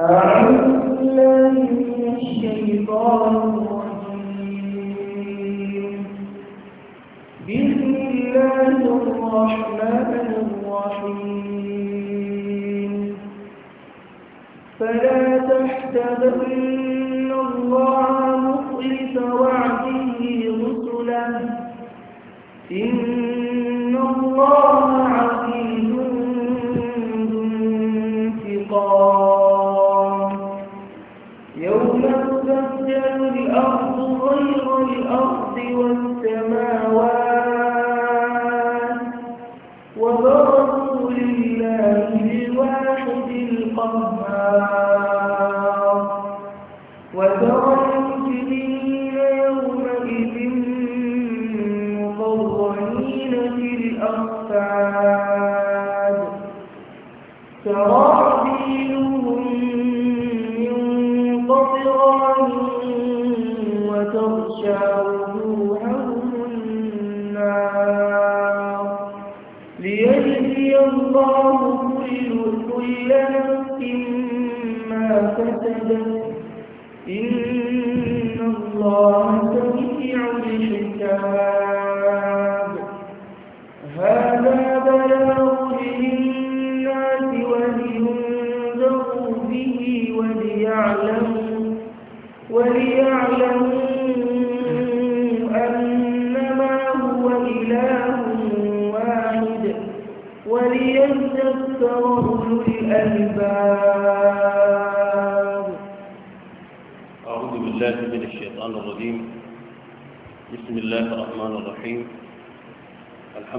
أعوذ بالله من الشيطان الرجيم بسم الله الرحمن الرحيم فلا تحسبن الله وعده إن الله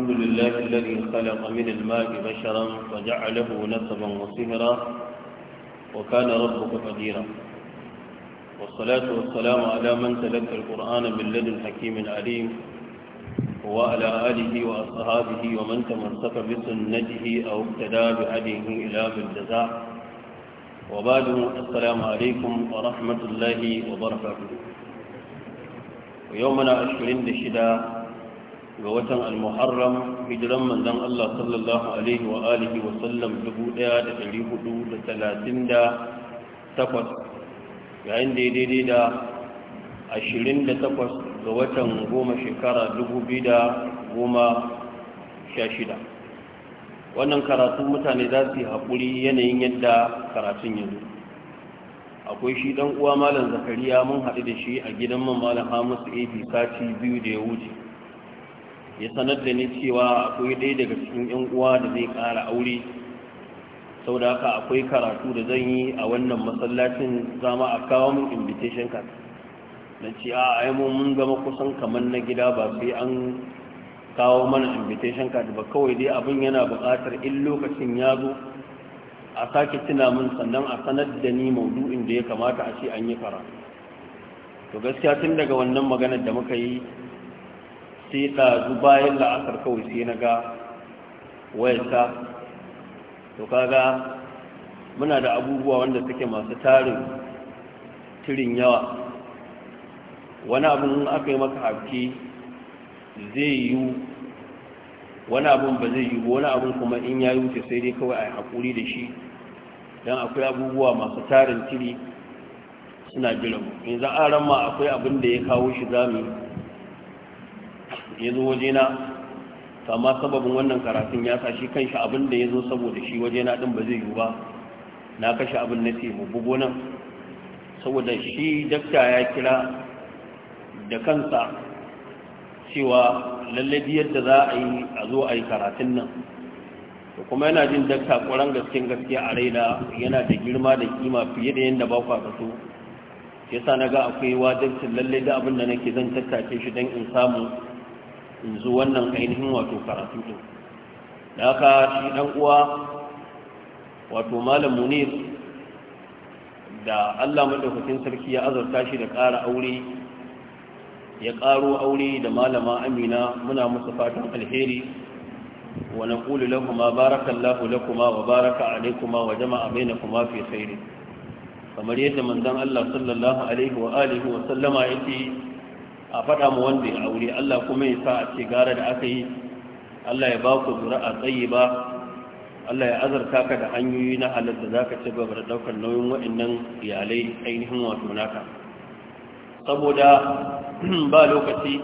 الحمد لله الذي خلق من الماء بشرا فجعله نسبا وصهرا وكان ربك قديرا والصلاة والسلام على من تلقى القرآن من لدن حكيم عليم وعلى آله وأصحابه ومن تمسك بسنته أو اقتدى بهديه إلى بالجزاء وبعد السلام عليكم ورحمة الله وبركاته ويومنا أشهرين للشداء ga watan al-muharram hijiran manzan Allah sallallahu alaihi wa alihi wa sallam 1438 yayin da daidai da 28 ga watan goma shekara 2016 wannan karatun mutane za su yi haƙuri yanayin yadda karatun yanzu akwai shi dan uwa malam zakariya mun haɗu da shi a gidan man malam hamisu ab sati biyu da ya wuce ya sanar da ni cewa akwai ɗaya daga cikin 'yan uwa da zai ƙara aure sau da haka akwai karatu da zan yi a wannan masallacin zama a kawo min invitation card na ce a ai mun zama kusan kamar na gida ba sai an kawo mana invitation card ba kawai dai abin yana buƙatar in lokacin ya zo a sake tuna min sannan a sanar da ni maudu'in da ya kamata a ce an yi karatu to gaskiya tun daga wannan maganar da muka yi sai ɗazu bayan la'asar kawai sai na ga wayarsa to kaga muna da abubuwa wanda suke masu tarin tirin yawa wani abin aka yi maka hafki zai yi wani abin ba zai yi wani abin kuma in ya yi wuce sai dai kawai a yi haƙuri da shi don akwai abubuwa masu tarin tiri suna jiran in za a ran ma akwai abin da ya kawo shi zamani ya zo wajena kama amma sababin wannan karatun ya kan shi kanshi abin da ya zo saboda shi wajena din ba zai yiwu ba na kashe abin na mu bugu nan saboda shi dakta ya kira da kansa cewa lallabi yadda za a yi a zo a yi karatun nan da kuma yana jin dakta ƙwaron gaske gaskiya a raina yana da girma da kima fiye da yadda ba kwa ya yasa na ga akwai wajibcin lallai da abin da nake zan tattace shi don in samu in zo wannan ainihin wato karatu ɗin da haka shi ɗan uwa wato malam munir da allah maɗaukakin sarki ya azarta shi da ƙara aure ya ƙaro aure da malama amina muna musu fatan alheri wa naqulu baraka barakallahu lakuma wa baraka alaykuma wa jama'a bainakuma fi khairin kamar yadda manzon Allah sallallahu alaihi wa alihi wa sallama yake a faɗa mu wanda ya aure Allah kuma ya sa a ce gara da aka yi Allah ya ba ku a tsayi ba Allah ya azarta ka da hanyoyi na halar da za ka ci gaba da ɗaukar nauyin waɗannan iyalai ainihin wato naka saboda ba lokaci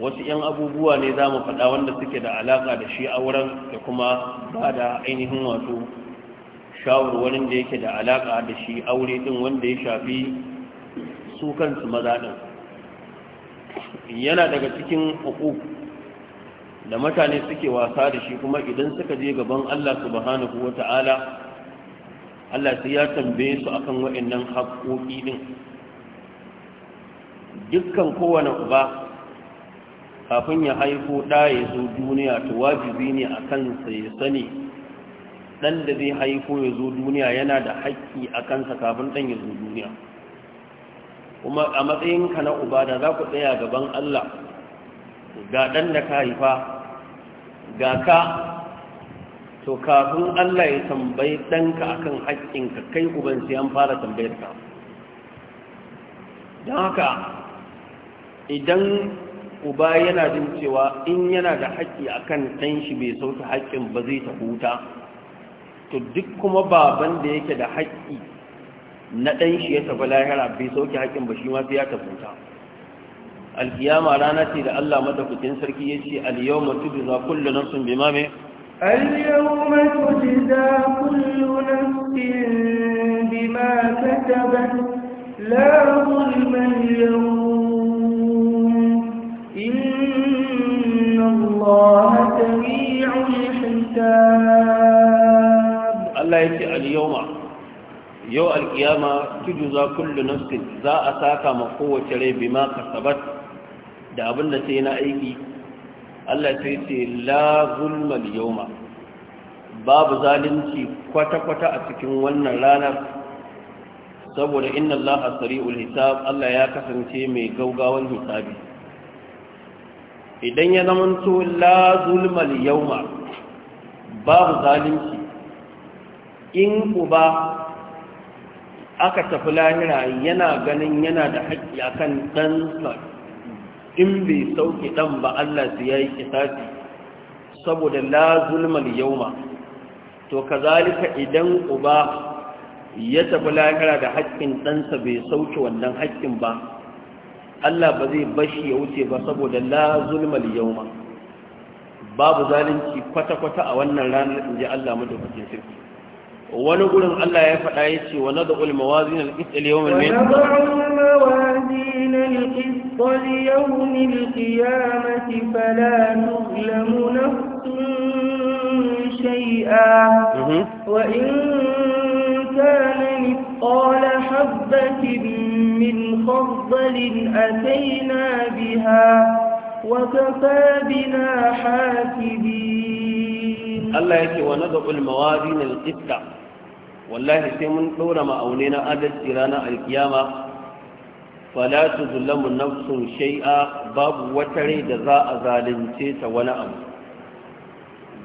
wasu 'yan abubuwa ne za mu faɗa wanda suke da alaƙa da shi auren da kuma ba da ainihin wato shawarwarin da yake da alaƙa da shi aure ɗin wanda ya shafi su kansu maza ɗin yana daga cikin uku da mutane suke wasa da shi kuma idan suka je gaban Allah subhanahu wa ta'ala Allah sai ya tambaye su akan waɗannan haƙoƙi din dukkan kowane uba kafin ya haifo ɗa ya zo duniya to wajibi ne a kansa ya sani ɗan da zai haifo ya zo duniya yana da haƙƙi a kansa kafin ɗan ya zo duniya kuma a matsayinka na uba da za ku tsaya gaban Allah ga ɗan da ka haifa ga ka to kafin Allah ya tambayi ɗanka akan haƙƙinka kai uban sai an fara tambayar ka don haka idan uba yana jin cewa in yana da haƙƙi akan ɗan shi bai sauke haƙƙin ba zai ta huta to duk kuma baban da yake da haƙƙi na ɗan shi ya tafi lahira bai sauke haƙƙin ba shi ma sai ya tafi ta alkiyama rana ce da Allah madaukakin sarki ya ce al-yawma tujza kullu nafsin bima ma اليوم تجزى كل نفس بما كتبت لا ظلم اليوم yau alkiyama tuju za kullu nafsin za a saka ma kowace rai ma kasabat da abin da sai na aiki Allah sai ce la zulma yawma babu zalunci kwata-kwata a cikin wannan ranar saboda inna Allah sari'ul hisab Allah ya kasance mai gaugawan hisabi idan ya zamanto la zulmal yawma babu zalunci in uba aka tafi lahira yana ganin yana da haƙƙi kan ɗansa in bai sauke ɗan ba Allah su ya yi kisasi saboda la zulmal ma. to kazalika idan uba ya tafi lahira da haƙƙin ɗansa bai sauke wannan haƙƙin ba Allah ba zai bashi ya wuce ba saboda la zulmal yauma babu zalunci kwata-kwata a wannan ranar in ji Allah madaukakin sirki wani gurin Allah ya faɗa ya ce wa nadu ul mawazin al qist li yawm al min mawazin al qist li yawm al qiyamati fala tuzlamu nafsun shay'a wa in kana مثقال حبة من خردل أتينا بها وكفى بنا حاسبين الله يكي ونضع الموازين القسط wallahi sai mun ɗora ma'aune na adalci ranar alkiyama fala su zulamu nafsun shai'a babu wata rai da za a zalunce ta wani abu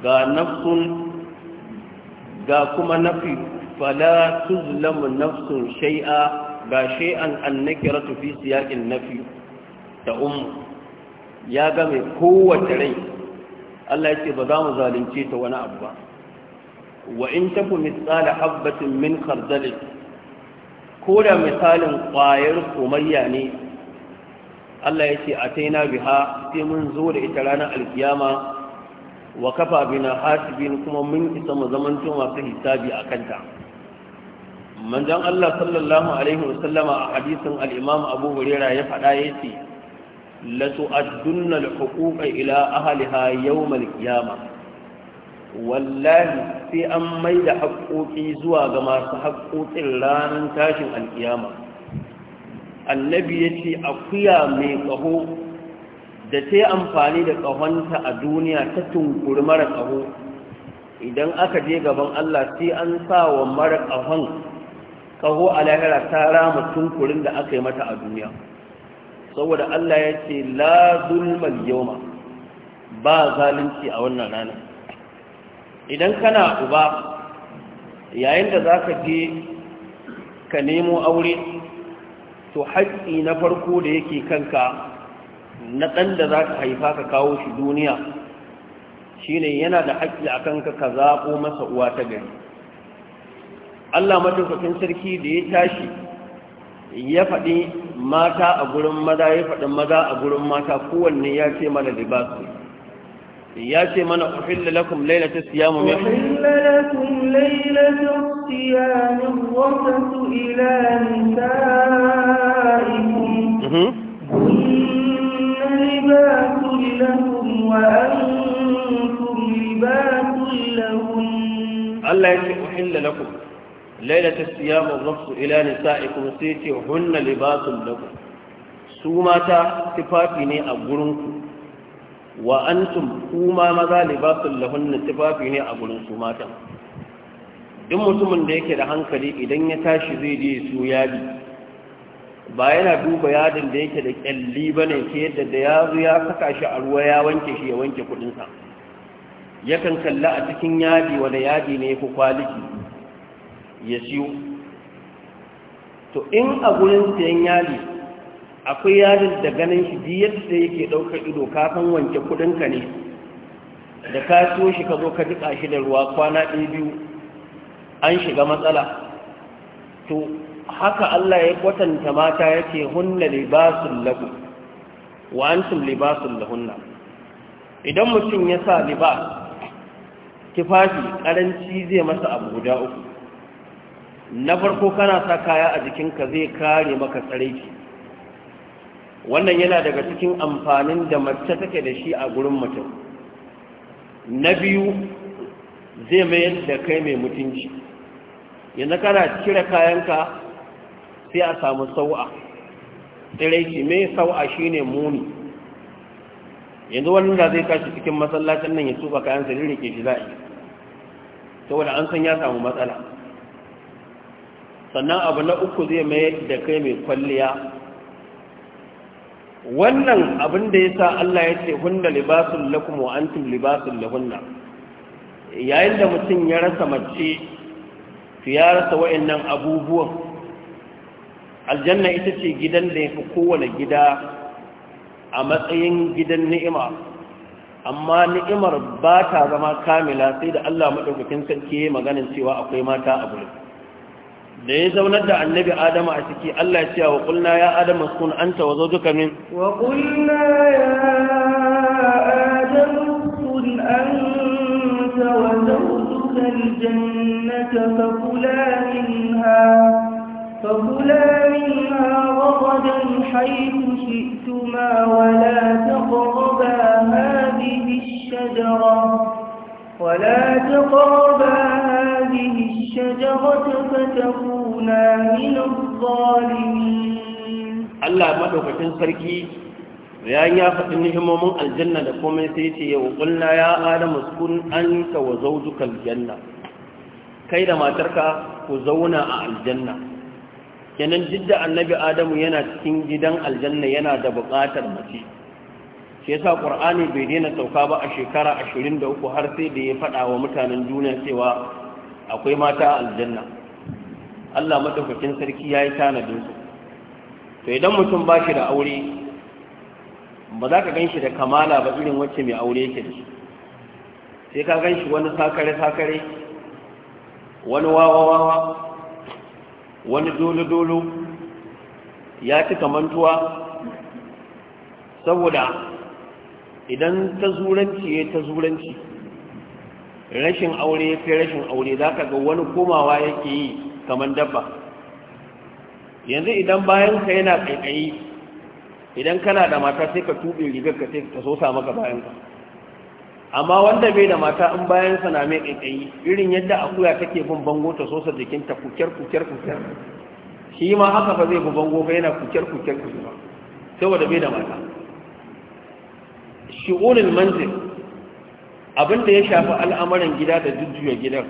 ga nafsun ga kuma nafi fala su zulamu nafsun shai'a ga shai'an annakira fi siyaƙin nafi ta umu ya game kowace rai Allah ya ce ba za mu zalunce ta wani abu ba wa in taku mitsala habbatin min khardalin ko da misalin ƙwayar kumayya ne Allah ya ce a taina biha sai mun zo da ita ranar alkiyama wa kafa bina hasibin kuma mun isa mu zamanto masu hisabi a kanta manzon Allah sallallahu alaihi wasallama a hadisin al-Imam Abu Hurairah ya faɗa yace ce, tu'addunna al-huquqa ila ahliha yawm al wallahi sai an mai da haƙoƙi zuwa ga masu haƙoƙin ranar tashin alƙiyama annabi ya ce akuya mai ƙaho da ta yi amfani da ƙahonta a duniya ta tunkuri mara ƙaho idan aka je gaban allah sai an sa wa mara ƙahon ƙaho a lahira ta rama tunkurin da aka yi mata a duniya saboda allah ya ce la zulmal yau ba zalunci a wannan ranar idan kana uba yayin da za ka je ka nemo aure to haƙƙi na farko da yake kanka na ɗan da za ka haifa ka kawo shi duniya shine yana da haƙƙi a kanka ka zaɓo masa uwa ta gari allah madaukakin sarki da ya tashi ya faɗi mata a gurin maza ya faɗi maza a gurin mata kowanne ya ce mana libasu ya ce mana uhilla lakum lailata siyamu min uhilla lakum lailata siyamu wasatu ila nisaikum kunna mhm. libasun lakum wa antum libasun lahum Allah ya ce uhilla lakum lailata siyamu wasu ila nisaikum sai ce hunna libasun lakum su mata tufafi ne a gurinku wa antum kuma maza libasul lahunna tufafi ne a gurin su matan duk mutumin da yake da hankali idan ya tashi zai je su yadi ba yana duba yadin da yake da kyalli bane ke yadda da yazu ya saka shi a ruwa ya wanke shi ya wanke kudin yakan kalla a cikin yadi wanda yadi ne ku kwaliki ya siyo to in a gurin sayan yadi akwai yarin da ganin shi biyar yadda yake ɗaukar ido kafin wanke kuɗinka ne da ka so shi ka zo ka duka shi da ruwa kwana ɗaya biyu an shiga matsala to haka Allah ya kwatanta mata ya ce, hunna libasun lagu wa antum libasun lahunna idan mutum ya sa libas tufafi karanci zai masa abu guda uku na farko kana sa kaya a jikinka zai kare maka tsaraiki wannan yana daga cikin amfanin da mace take da shi a gurin mutum na biyu zai mayar da kai mai mutunci yanzu kana cire kayanka sai a samu sau'a tsiraici mai sau'a shi ne muni yanzu wannan da zai kashi cikin masallacin nan ya tuba kayan sa rike shi za'i saboda an san ya samu matsala sannan abu na uku zai mayar da kai mai kwalliya wannan abin da ya sa Allah ya ce hunna libasun lakum wa antum libasun lahunna yayin da mutum ya rasa mace to ya rasa wayannan abubuwan aljanna ita ce gidan da yafi kowane gida a matsayin gidan ni'ima amma ni'imar ba ta zama kamila sai da Allah madaukakin sarki ya maganin cewa akwai mata a gurin da ya zauna da annabi adama a ciki Allah ya ce wa kulna ya adama kun anta wa zawjuka min wa kulna ya adama kun anta wa zawjuka aljannata kula minha fa kula minha wa ragadan haythu shi'tuma wa la taqrabu hadhihi ash-shajara wa la taqrabu الشجرة فتكونا من الظالمين الله مدوكتين سركي bayan ya faɗi nihimomin aljanna da komai sai ce yau ƙulna ya adamu sukun an ka wa zaujuka aljanna kai da matarka ku zauna a aljanna kenan duk annabi adamu yana cikin gidan aljanna yana da buƙatar mace shi yasa qur'ani bai daina sauka ba a shekara 23 har sai da ya faɗawa mutanen duniya cewa akwai mata a aljanna Allah madaukakin sarki ya yi tanadin su to idan mutum ba shi da aure ba za ka gan shi da kamala ba irin wacce mai aure yake da shi sai ka gan shi wani sakare-sakare wani wawa wani dolo-dolo ya ci kamantuwa saboda idan ta zuranci ya ta zuranci rashin aure ya rashin aure za ka ga wani komawa yake yi kamar dabba yanzu idan bayan ka yana kaikayi, idan kana da mata sai ka tuɓe rigar ka sai ka sosa maka bayan ka amma wanda bai da mata in bayan sa na mai kaikayi, irin yadda akuya take bin bango ta sosa jikinta kukyar kukyar kukyar shi ma haka ba zai bi bango ba yana kukyar kukyar kukyar saboda bai da mata shi'unin manzil abin da ya shafi al'amarin gida da jujjuya gidan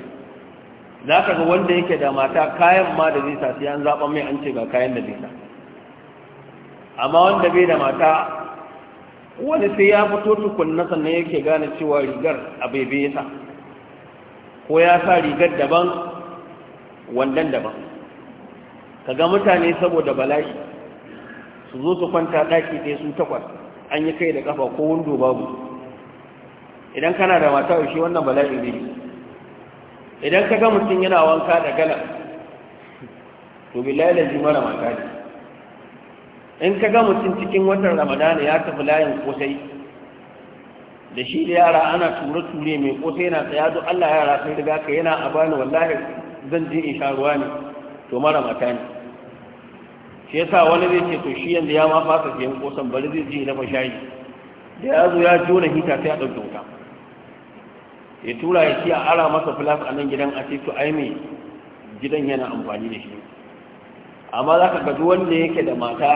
za ka ga wanda yake da mata kayan ma da zai sa sai an zaɓa mai an ce ga kayan da zai amma wanda bai da mata wani sai ya fito tukunna sannan yake gane cewa rigar a bebe ya sa ko ya sa rigar daban wandan daban ka ga mutane saboda bala'i su zo su kwanta ɗaki ɗaya su takwas an yi kai da ƙafa ko wando babu idan kana da mata shi wannan bala'i ne idan ka ga mutum yana wanka da gala to billahi da mara mata ne in ka ga mutum cikin watan ramadana ya tafi layin kosai da shi da yara ana ture-ture mai kosai na tsaya duk allah yara sun riga ka yana a bani wallahi zan je in sha ruwa ne to mara mata ne shi yasa wani zai ce to shi yanzu ya ma fasa siyan kosan bari zai je na fashayi da ya zo ya jona hita sai a ɗauke wuta ya tura ya ci a ara masa filas a nan gidan a ce to aimi gidan yana amfani da shi amma za ka gaji wanda yake da mata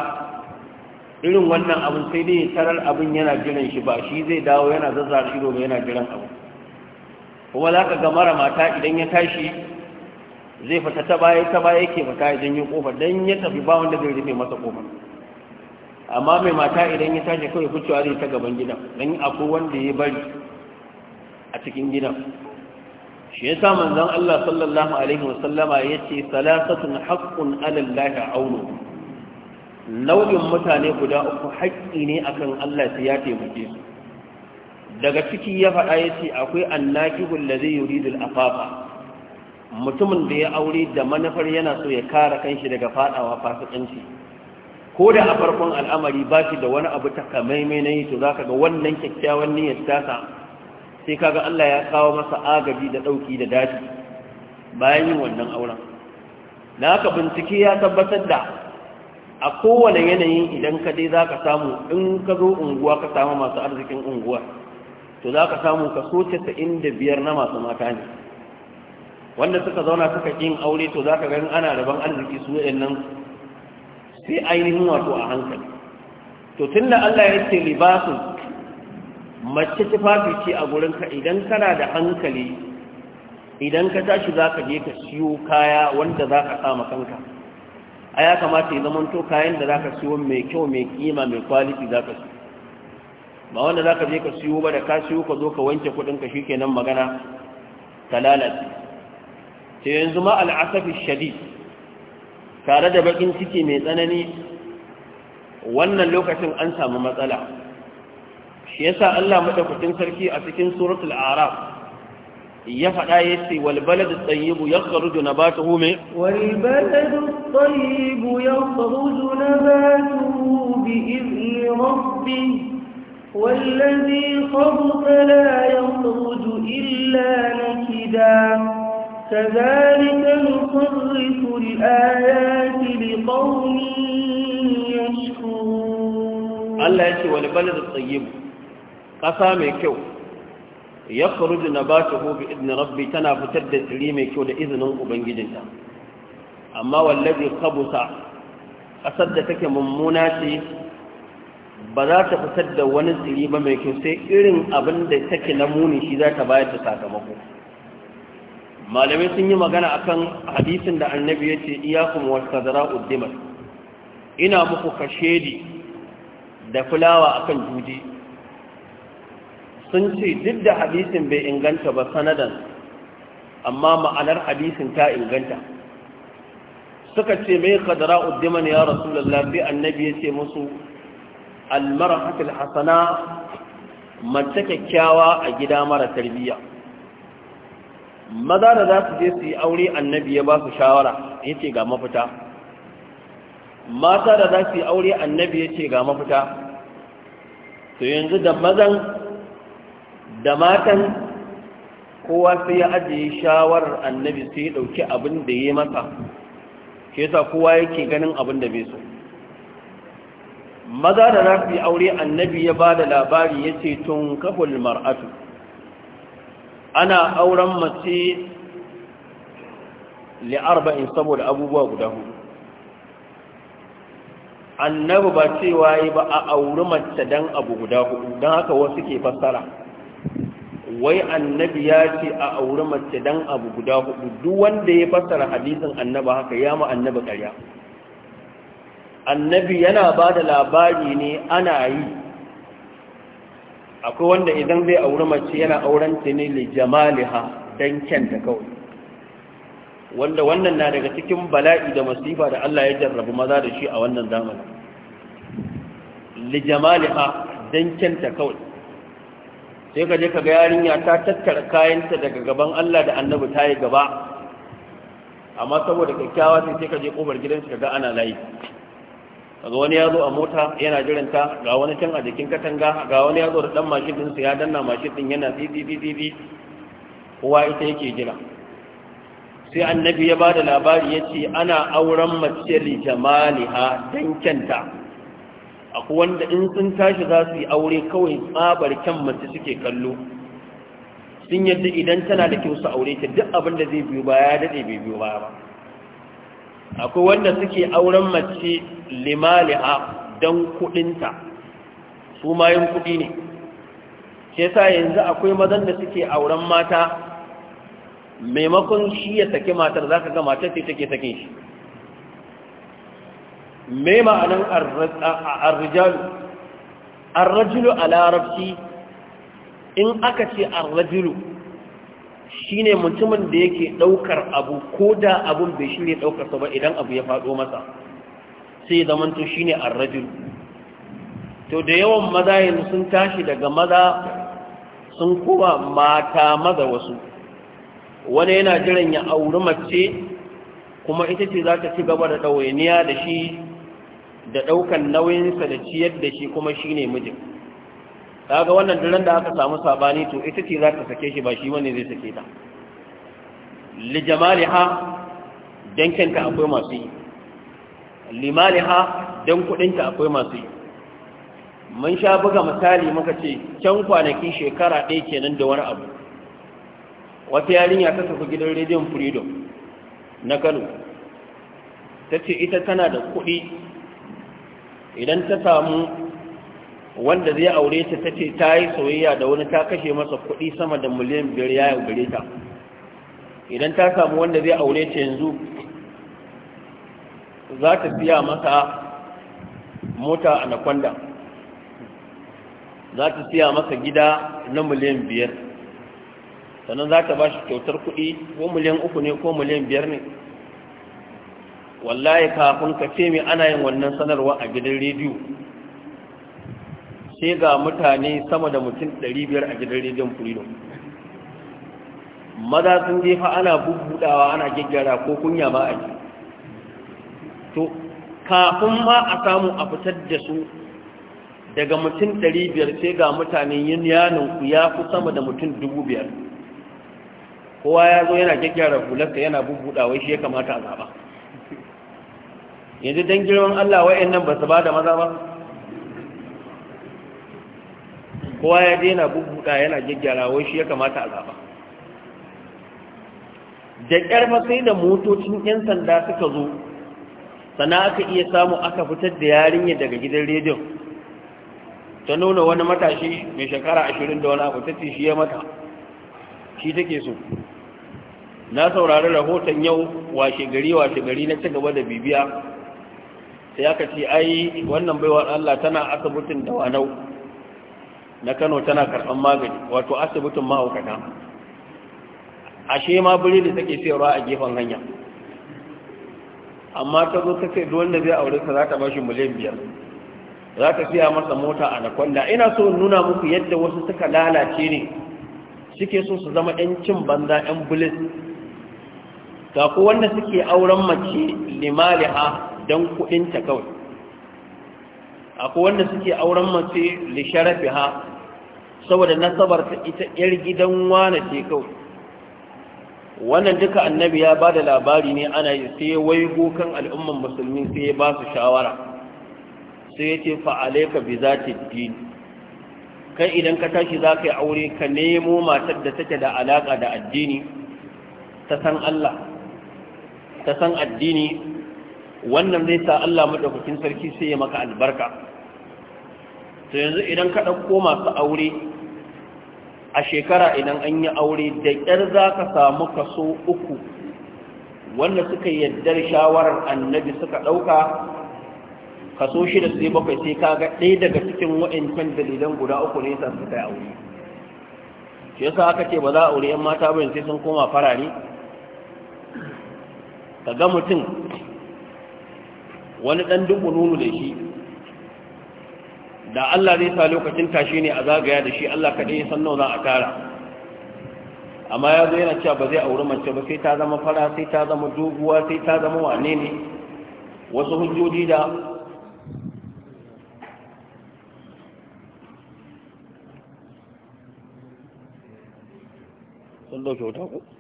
irin wannan abin sai dai tarar abin yana jiran shi ba shi zai dawo yana zazzar shi domin yana jiran abu kuma za ka ga mara mata idan ya tashi zai fita ta baya ta baya yake fita ya janyo kofar dan ya tafi ba wanda zai rufe masa kofar amma mai mata idan ya tashi kawai ficewa zai ta gaban gidan dan akwai wanda ya bari a cikin gidan shi ya sa manzan Allah sallallahu Alaihi wasallama ya ce salasatun haƙƙun alallahi aunu nau'in mutane guda uku haƙƙi ne akan Allah su ya taimake daga ciki ya faɗa ya ce akwai annaki da zai yuri afafa mutumin da ya aure da manufar yana so ya kara kanshi daga faɗawa fasikanci ko da a farkon al'amari ba shi da wani abu takamaimai na yi to za ka ga wannan kyakkyawan niyyar tasa sai kaga Allah ya kawo masa agabi da ɗauki da daji bayan yin wannan auren na ka bincike ya tabbatar da a kowane yanayin idan ka dai za ka samu in ka zo unguwa ka samu masu arzikin unguwa to za ka samu kaso casa'in da biyar na masu mata ne wanda suka zauna suka yin aure to za ka gani ana rabon arziki su nan sai ainihin wato a hankali to tun Allah ya ce libasun mace tufafi ce a gurinka idan kana da hankali idan ka tashi za ka je ka siyo kaya wanda za ka sama kanka a ya kamata ya zama to kayan da za ka siyo mai kyau mai kima mai kwaliti za ka siyo ba wanda za ka je ka siyo ba da ka siyo ka zo ka wanke kudinka shi kenan magana ta lalace sai yanzu ma al'asafi shadid tare da bakin ciki mai tsanani wannan lokacin an samu matsala shi yasa Allah madaukakin sarki a cikin suratul araf ya faɗa ya ce wal balad at-tayyib yakhruju nabatuhu min wal balad at-tayyib yakhruju nabatuhu bi idni rabbih والذي خبط لا يخرج إلا نكدا كذلك نصرف الآيات لقوم يشكرون الله يشكر والبلد الطيب ƙasa mai kyau ya faruji na ba ta hobi rabbi tana fitar da tsiri mai kyau da izinin ubangijinta amma wallabi kabusa ƙasar da take mummuna ce ba za ta fitar da wani tsiri ba mai kyau sai irin abin da take na muni shi za ta bayar da sakamako malamai sun yi magana akan hadisin da annabi ya ce iyakun wasu zara ina muku kashedi da fulawa akan juji sun ce duk da hadisin bai inganta ba sanadan amma ma'anar hadisin ta inganta suka ce mai kadara uddiman ya rasulullah bi annabi ya ce musu almarhatul hasana mace kyakkyawa a gida mara tarbiyya maza da za su je su yi aure annabi ya ba su shawara ya ce ga mafita mata da za su yi aure annabi ya ce ga mafita to yanzu da mazan da matan kowa sai ya ajiye shawarar annabi sai ya ɗauki abin da ya masa ke sa kowa yake ganin abin da bai so maza da za su yi aure annabi ya ba da labari ya ce tun kafin mar'atu ana auren mace li'arba'in saboda abubuwa guda hudu annabi ba cewa yi ba a auri mace don abu guda hudu don haka wasu ke fassara wai annabi ya ce a auri mace dan abu guda hudu duk wanda ya fassara hadisin Annabi haka ya ma annaba ƙarya annabi yana ba da labari ne ana yi akwai wanda idan zai auri mace yana auren ta ne li jamaliha dan kyanta kawai wanda wannan na daga cikin bala'i da masifa da Allah ya jarrabu maza da shi a wannan zamanin li jamaliha dan kyanta kawai sai ka je ka ga yarinya ta tattara kayanta daga gaban Allah da annabi ta yi gaba amma saboda kyakkyawa sai ka je kofar gidansu ka ga ana layi kaga wani ya a mota yana jiranta, ta ga wani can a jikin katanga ga wani ya da dan mashin din ya danna mashin din yana titi kowa ita yake jira sai annabi ya bada labari yace ana auren mace li jamaliha dankanta aku wanda in sun tashi za su yi aure kawai tsabar kyan mace suke kallo sun yadda idan tana da kyau su aure ta duk abin da zai biyo ya daɗe bai biyo ba ba akwai wanda suke auren mace limaliha don kuɗinta su mayan kuɗi ne ke sa yanzu akwai mazan da suke auren mata maimakon shi ya sake matar za ka ga matar sai take sakin shi mai ma'anan arrajalu arrajulu a larabci in aka ce arrajulu shine mutumin da yake ɗaukar abu ko da abun bai shirya ɗaukarsa sa ba idan abu ya faɗo masa sai zaman to shine arrajulu to da yawan maza yanzu sun tashi daga maza sun kuma mata maza wasu wani yana jiran ya auri mace kuma ita ce za ta ci gaba da ɗawainiya da shi da ɗaukan nauyinsa da ciyar da shi kuma shi ne mijin kaga wannan duran da aka samu sabani to ita ce za ta sake shi ba shi wani zai sake ta lijamaliha don kyanta akwai masu yi limaliha don kuɗinta akwai masu yi mun sha buga misali muka ce can kwanaki shekara ɗaya kenan da wani abu wata yarinya ta tafi gidan rediyon freedom na kano ta ce ita tana da kuɗi idan ta samu wanda zai aure ta tace ta yi soyayya da wani ta kashe masa kuɗi sama da miliyan biyar ya yaudare ta idan ta samu wanda zai aure ta yanzu za ta biya masa mota a nakwanda za ta siya masa gida na miliyan biyar sannan za ta ba shi kyautar kuɗi ko miliyan uku ne ko miliyan biyar ne wallahi kafin ka ce mai ana yin wannan sanarwa a gidan rediyo sai ga mutane sama da mutum 500 a gidan rediyon freedom maza sun jefa ana bubbudawa ana gyaggyara ko kunya ba a ji to kafin ma a samu a fitar da su daga mutum 500 sai ga mutane yin yanin ku ya fi sama da mutum 5,000 kowa ya zo yana gyaggyara hularka yana bubbudawa shi ya kamata a zaba yanzu don girman Allah nan ba su ba da maza ba kowa ya daina bubbuɗa yana gyaggyara wai shi ya kamata a zaɓa da ƙarfa sai da motocin 'yan sanda suka zo sana aka iya samu aka fitar da yarinya daga gidan rediyon ta nuna wani matashi mai shekara ashirin da wani abu ta shi ya mata shi take so na saurari rahoton yau washe gari washe gari na ci gaba da bibiya sai aka ce ai wannan baiwar Allah tana asibitin da wanau na Kano tana karban magani wato asibitin mahaukata ashe ma buri da take sayarwa a gefen hanya amma ta zo ta ce wanda zai aure sa za ta bashi miliyan biyar za ta siya masa mota a nakwanda ina so in nuna muku yadda wasu suka lalace ne suke so su zama 'yan cin banza 'yan bulis ga ku wanda suke auren mace limaliha don kuɗinta kawai akwai wanda suke auren mace lisharafi ha saboda nasabar ta ita yar gidan wane ce kawai wannan duka annabi ya ba da labari ne ana yi sai waigo kan al'umman musulmi sai ya ba su shawara sai ya ce fa'alaika bi za ta kai idan ka tashi za ka yi aure ka nemo matar da take da alaƙa da addini ta san Allah ta san addini wannan zai sa Allah madaukakin sarki sai ya maka albarka to yanzu idan ka dauko masu aure a shekara idan an yi aure da kyar za samu kaso uku wanda suka yaddar shawarar annabi suka ɗauka kaso shida sai bakwai sai ka ga ɗaya daga cikin wa'ancan dalilan guda uku ne sa suka yi aure shi yasa aka ce ba za a aure 'yan mata ba sai sun koma fara ne? ka ga mutum wani ɗan nunu da shi da Allah zai sa lokacin tashi ne a zagaya da shi Allah kaɗai ya san nawa a kara, amma ya zo yana cewa ba zai auri mace ba sai ta zama fara sai ta zama doguwa sai ta zama wane ne wasu hujjoji da sun ɗauke wuta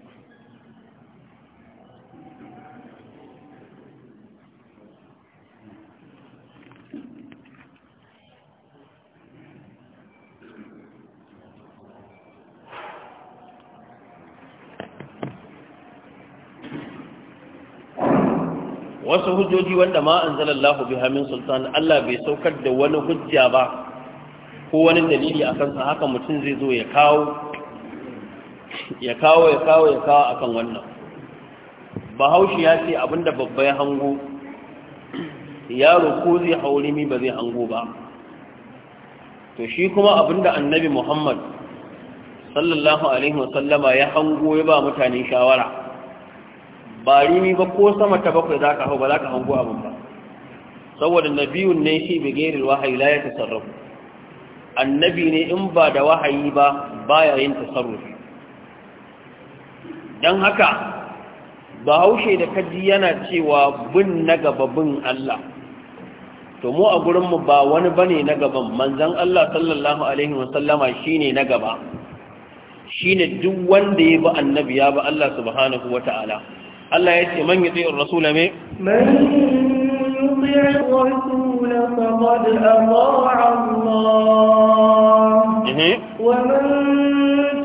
wasu hujjoji wanda ma anzalallahu biha sultan Allah bai saukar da wani hujja ba ko wani dalili a kansa haka mutum zai zo ya kawo ya kawo ya kawo akan wannan bahaushe ya ce abinda babba ya hango yaro ko zai haurimi ba zai hango ba to shi kuma abinda annabi muhammad sallallahu alaihi wasallama ya hango ya ba mutane shawara ba rimi ba ko sama ta bakwai za ka hau ba za ka hango abin ba saboda nabiyun ne shi bigerin wahayi la ya tasarrafu annabi ne in ba da wahayi ba baya yin tasarrufi don haka bahaushe da kaji yana cewa bin na gaba bin Allah to mu a gurinmu ba wani bane na gaban manzan Allah sallallahu alaihi wasallama shine na gaba shine duk wanda ya bi annabi ya bi Allah subhanahu wataala Allah ya ce man yuti ar-rasul me man yuti ar-rasul faqad ata'a Allah mhm. wa man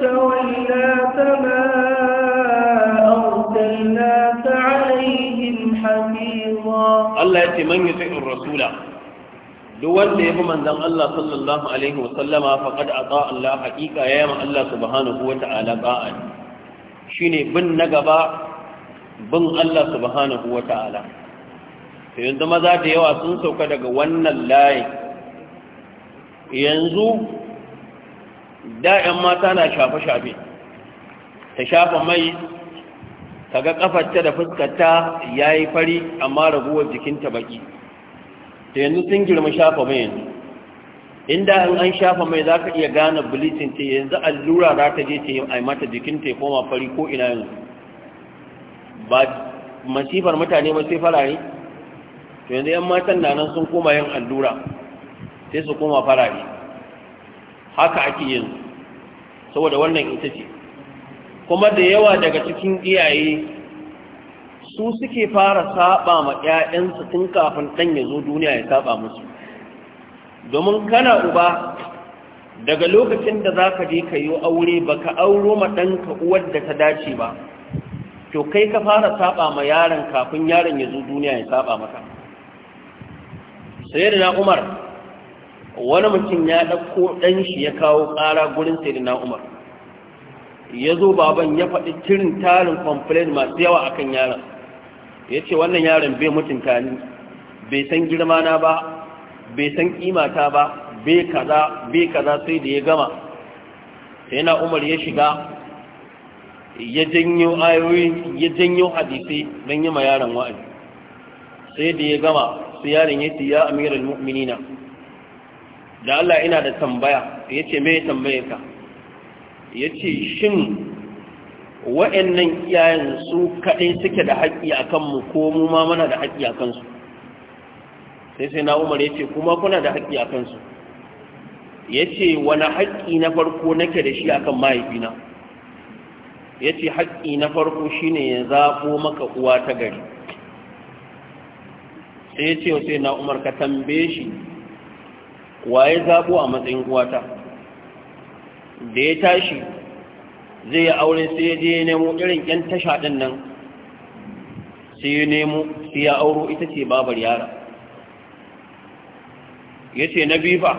tawalla fama arsalnaka alayhim hafiza Allah ya ce man yuti ar-rasul duk wanda ya bi manzon Allah sallallahu alaihi wa sallama faqad ata'a Allah haqiqa ya ma Allah subhanahu wa ta'ala ba'a shine bin na gaba bin Allah subhanahu wa ta'ala yanzu maza da yawa sun sauka daga wannan layi yanzu da'yan mata na shafe-shafe ta shafa mai ta ga ta da fuskarta ya yi fari amma raguwar jikinta baki ta yanzu sun girma shafa mai yanzu inda in an shafa mai za ka iya gane bilicin ce yanzu allura za ta je ce a mata jikinta ya koma fari ko ina yanzu ba masifar mutane ba sai to yanzu yan matan na nan sun koma yin allura sai su koma ne. haka ake yin saboda wannan ita ce kuma da yawa daga cikin iyaye su suke fara saba ma ƴaƴansu tun kafin ɗan ya zo duniya ya saba musu domin kana uba daga lokacin da za ka je ka yi aure baka auro ma ɗanka uwar da ta dace ba to kai ka fara saba ma yaron kafin yaron ya zo duniya ya saba maka sai na umar wani mutum ya ɗauko ɗan shi ya kawo ƙara gurin na umar ya zo baban ya faɗi cirin tarin complain masu yawa akan yaron ya ce wannan yaron bai mutunta ni bai san girma na ba bai san kimata ba bai kaza bai kaza sai da ya gama sai na umar ya shiga ya janyo ayoyi ya janyo hadisi don yi ma yaron wa'azi sai da ya gama su yaron ya ce ya amiral mu'minina da Allah ina da tambaya ya ce mai tambaye ka ya ce shin wa'annan iyayen su kaɗai suke da haƙƙi a kanmu ko mu ma mana da haƙƙi a kansu sai sai na umar ya ce kuma kuna da haƙƙi a kansu ya ce wani haƙƙi na farko nake da shi akan mahaifina ya ce haƙƙi na farko shine ya zaɓo maka uwa ta gari sai ya ce sai na umar ka tambaye shi waye zaɓo a matsayin uwata da ya tashi zai yi aure sai ya je ya nemo irin ƴan tasha ɗin nan sai ya nemo sai ya auro ita ce babar yara ya ce na biyu ba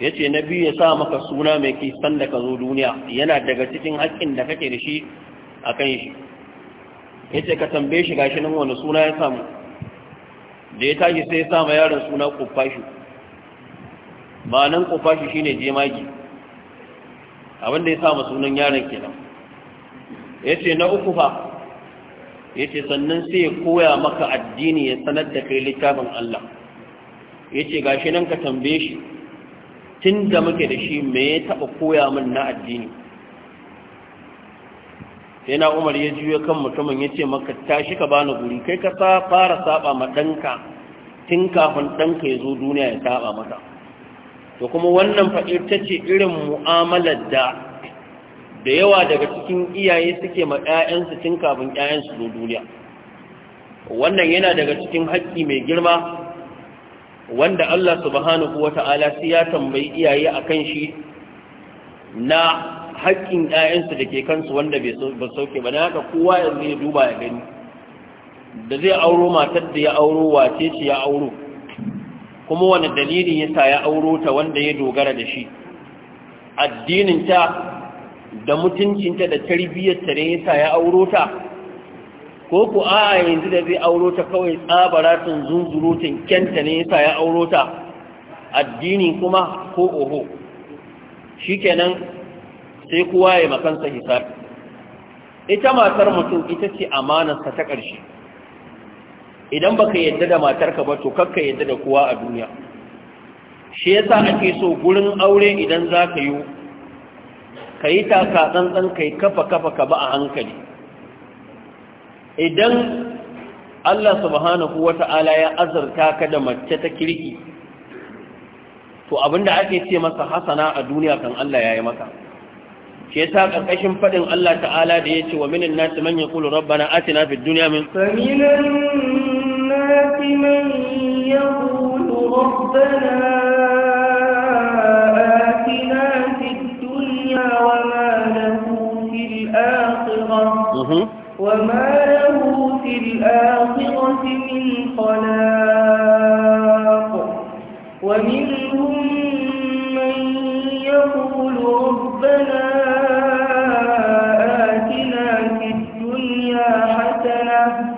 ya ce na biyu ya sa maka suna mai kisan da ka zo duniya yana daga cikin haƙƙin da kake da shi a kan shi ya ce ka tambaye shi gashi nan wani suna ya samu da ya tashi sai ya sama yaron suna kufashi ma'anan shi ne jemagi abinda ya sama sunan yaron nan ya ce na uku fa ya ce sannan sai ya koya maka addini ya sanar da kai littafin Allah ya ce gashi nan ka tambaye shi tun da muke da shi me ya taɓa koya min na addini sai na umar ya juya kan mutumin ya ce maka tashi ka bani guri kai ka fara saba ma ɗanka tun kafin ɗanka ya zo duniya ya saba mata to kuma wannan faɗi ta ce irin mu'amalar da da yawa daga cikin iyaye suke ma 'ya'yansu tun kafin ƴaƴansu zo duniya wannan yana daga cikin haƙƙi mai girma wanda Allah subhanahu wata'ala sai ya tambayi iyaye a kan shi na haƙƙin 'ya'yansu da ke kansu wanda ba sauke ba na haka kowa yanzu ya duba ya gani da zai auro matar da ya auro wace ce ya auro kuma wani dalilin ya sa ya auro ta wanda ya dogara da shi addinin ta da mutuncinta da tarbiyyarta ne ya sa ya auro ta ko ku a yanzu da zai auro ta kawai tsabaratin zunzurutin kyanta ne yasa ya auro ta addini kuma ko oho shikenan sai kuwa ya makansa hisabi ita matar mutum ita ce amanarsa ta ƙarshe idan baka yadda da matarka ba to kakka yadda da kowa a duniya shi yasa ake so gurin aure idan za ka yi ka yi taka tsantsan kai kafa kafa ka ba a hankali idan Allah subhanahu ta'ala ya azurta ka da mace ta kirki to abinda ake ce masa hasana a duniya kan Allah ya yi maka Ke yasa karkashin faɗin Allah ta'ala da ce wa minan nas man yaqulu rabbana atina fid dunya min minan nas وما له في الآخرة من خلاق ومنهم من يقول ربنا آتنا في الدنيا حسنة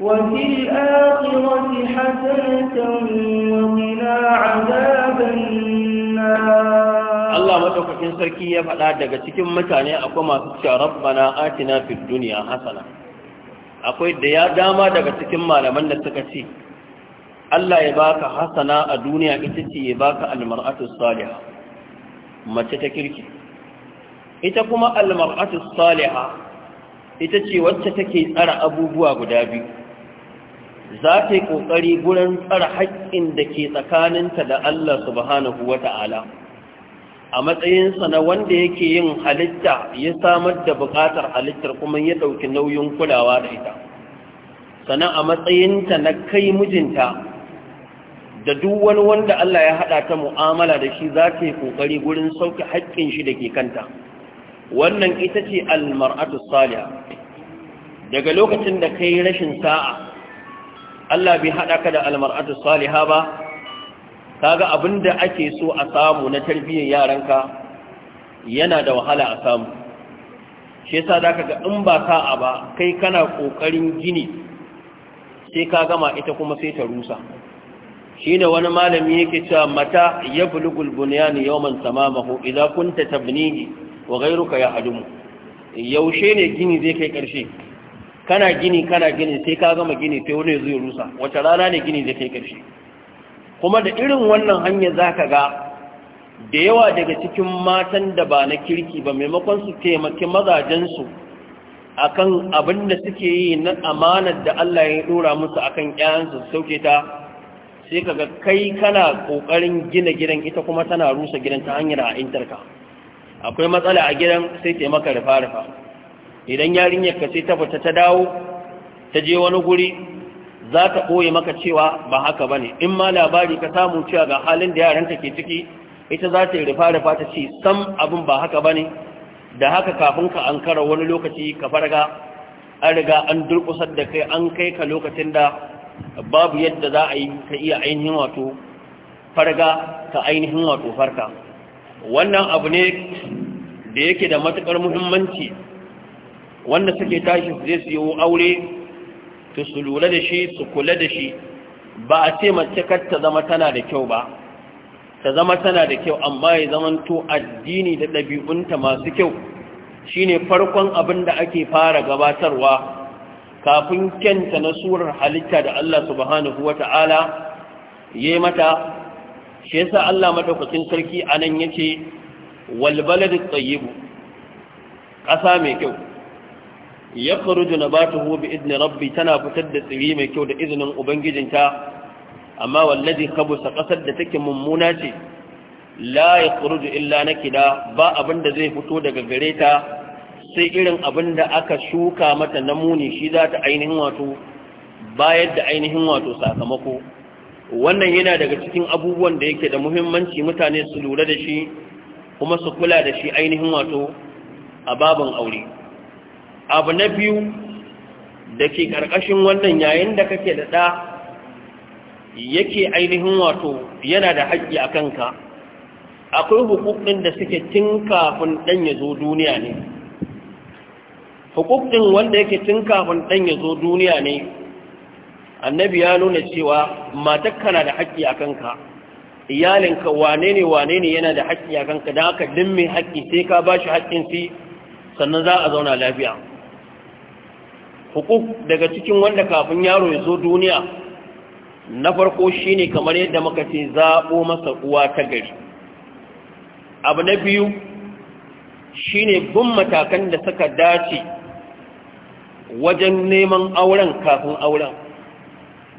وفي الآخرة حسنة وقنا عذاب madaukakin sarki ya faɗa daga cikin mutane akwai masu cewa rabbana atina fid dunya hasana akwai da ya dama daga cikin malaman da suka ce Allah ya baka hasana a duniya ita ce ya baka almar'atu salihah mace ta kirki ita kuma almar'atu salihah ita ce wacce take tsara abubuwa guda biyu za ta yi kokari gurin tsara haƙƙin da ke tsakaninta da Allah subhanahu wata'ala a matsayinsa na wanda yake yin halitta ya samar da buƙatar halittar kuma ya ɗauki nauyin kulawa da ita sannan a matsayinta na kai mijinta da duk wani wanda Allah ya haɗa ta mu'amala da shi za ta yi ƙoƙari gurin sauƙi haƙƙin shi da ke kanta wannan ita ce almar'atu saliha daga lokacin da kai rashin sa'a Allah bai haɗa ka da almar'atu saliha ba kaga abin da ake so a samu na tarbiyyar yaranka yana da wahala a samu shi yasa zaka ga in ba sa'a ba kai kana kokarin gini sai ka gama ita kuma sai ta rusa shine wani malami yake cewa mata yablugul bunyan yawman tamamahu idza kunta tabnihi wa ghayruka hadumu yaushe ne gini zai kai karshe kana gini kana gini sai ka gama gini sai wani zai rusa wace rana ne gini zai kai karshe kuma da irin wannan hanya za ka ga da yawa daga cikin matan da ba na kirki ba maimakon su taimaki mazajensu akan abin da suke yi na amanar da Allah ya dora musu akan kan su sauke ta sai kaga kai kana ƙoƙarin gina gidan ita kuma tana rusa gidan ta hanyar a'intarka akwai matsala a gidan sai ta maka rufa rufa idan yarinyar ka sai ta fita ta dawo ta je wani guri za ta ɓoye maka cewa ba haka ba ne in ma labari ka samu cewa ga halin da yaranta ke ciki ita za ta yi rufa-rufa ta ce sam abin ba haka ba ne da haka kafin ka an kara wani lokaci ka farga an riga an durkusar da kai an kai ka lokacin da babu yadda za a yi ka iya ainihin wato farga ka ainihin wato farka wannan abu ne da yake da matuƙar muhimmanci wanda suke tashi zai su yi aure Ta su lura da shi su kula da shi ba a ce mace kar ta zama tana da kyau ba ta zama tana da kyau amma ya zamanto addini da ɗabi'unta masu kyau shine farkon abin da ake fara gabatarwa kafin kyanta na surar halitta da Allah subhanahu ya yi mata shi yasa Allah madaukakin sarki anan yace wal baladu tsayibu ƙasa mai kyau ya faruju na ba ta hobi izinin rabbi tana fitar da tsiri mai kyau da izinin ubangijinta amma wallazi kabusa kasar da take mummuna ce la ya da illa na kida ba abin da zai fito daga gare ta sai irin abin da aka shuka mata na muni shi za ta ainihin wato bayar da ainihin wato sakamako wannan yana daga cikin abubuwan da yake da muhimmanci mutane su lura da shi kuma su kula da shi ainihin wato a babin aure abu na biyu da ke ƙarƙashin wannan yayin da kake da ɗa yake ainihin wato yana da haƙƙi a kanka akwai hukukin da suke tun kafin ɗan ya zo duniya ne hukukin wanda yake tun kafin ɗan ya zo duniya ne annabi ya nuna cewa matakka na da haƙƙi a kanka iyalinka wane ne wane ne yana da haƙƙi a kanka don aka dimmi haƙƙi sai ka ba shi haƙƙin sannan za a zauna lafiya hukuk daga cikin wanda kafin yaro ya zo duniya na farko shine kamar yadda muka ce zaɓo masa uwa ta gari abu na biyu shine bin matakan da suka dace wajen neman auren kafin auren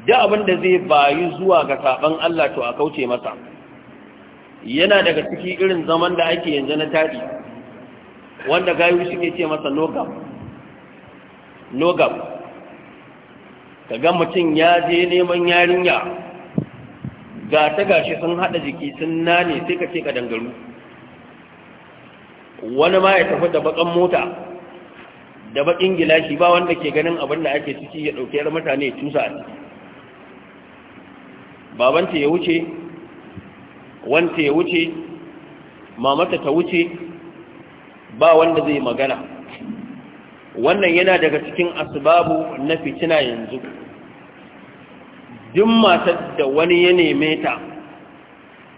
da abin da zai bayu zuwa ga kafin Allah to a kauce masa yana daga ciki irin zaman da ake yanzu na tari wanda gayu suke ce masa no logam ka ga mutum ya je neman yarinya ga ta gashi sun haɗa jiki sun nane sai ka ce ka dangaru wani ma ya tafi da bakan mota da baƙin gilashi ba wanda ke ganin abin da ake ciki ya ɗauke da mutane ya cusa babanta ya wuce wanta ya wuce mamata ta wuce ba wanda zai magana wannan yana daga cikin asbabu na fitina yanzu duk matar da wani ya neme ta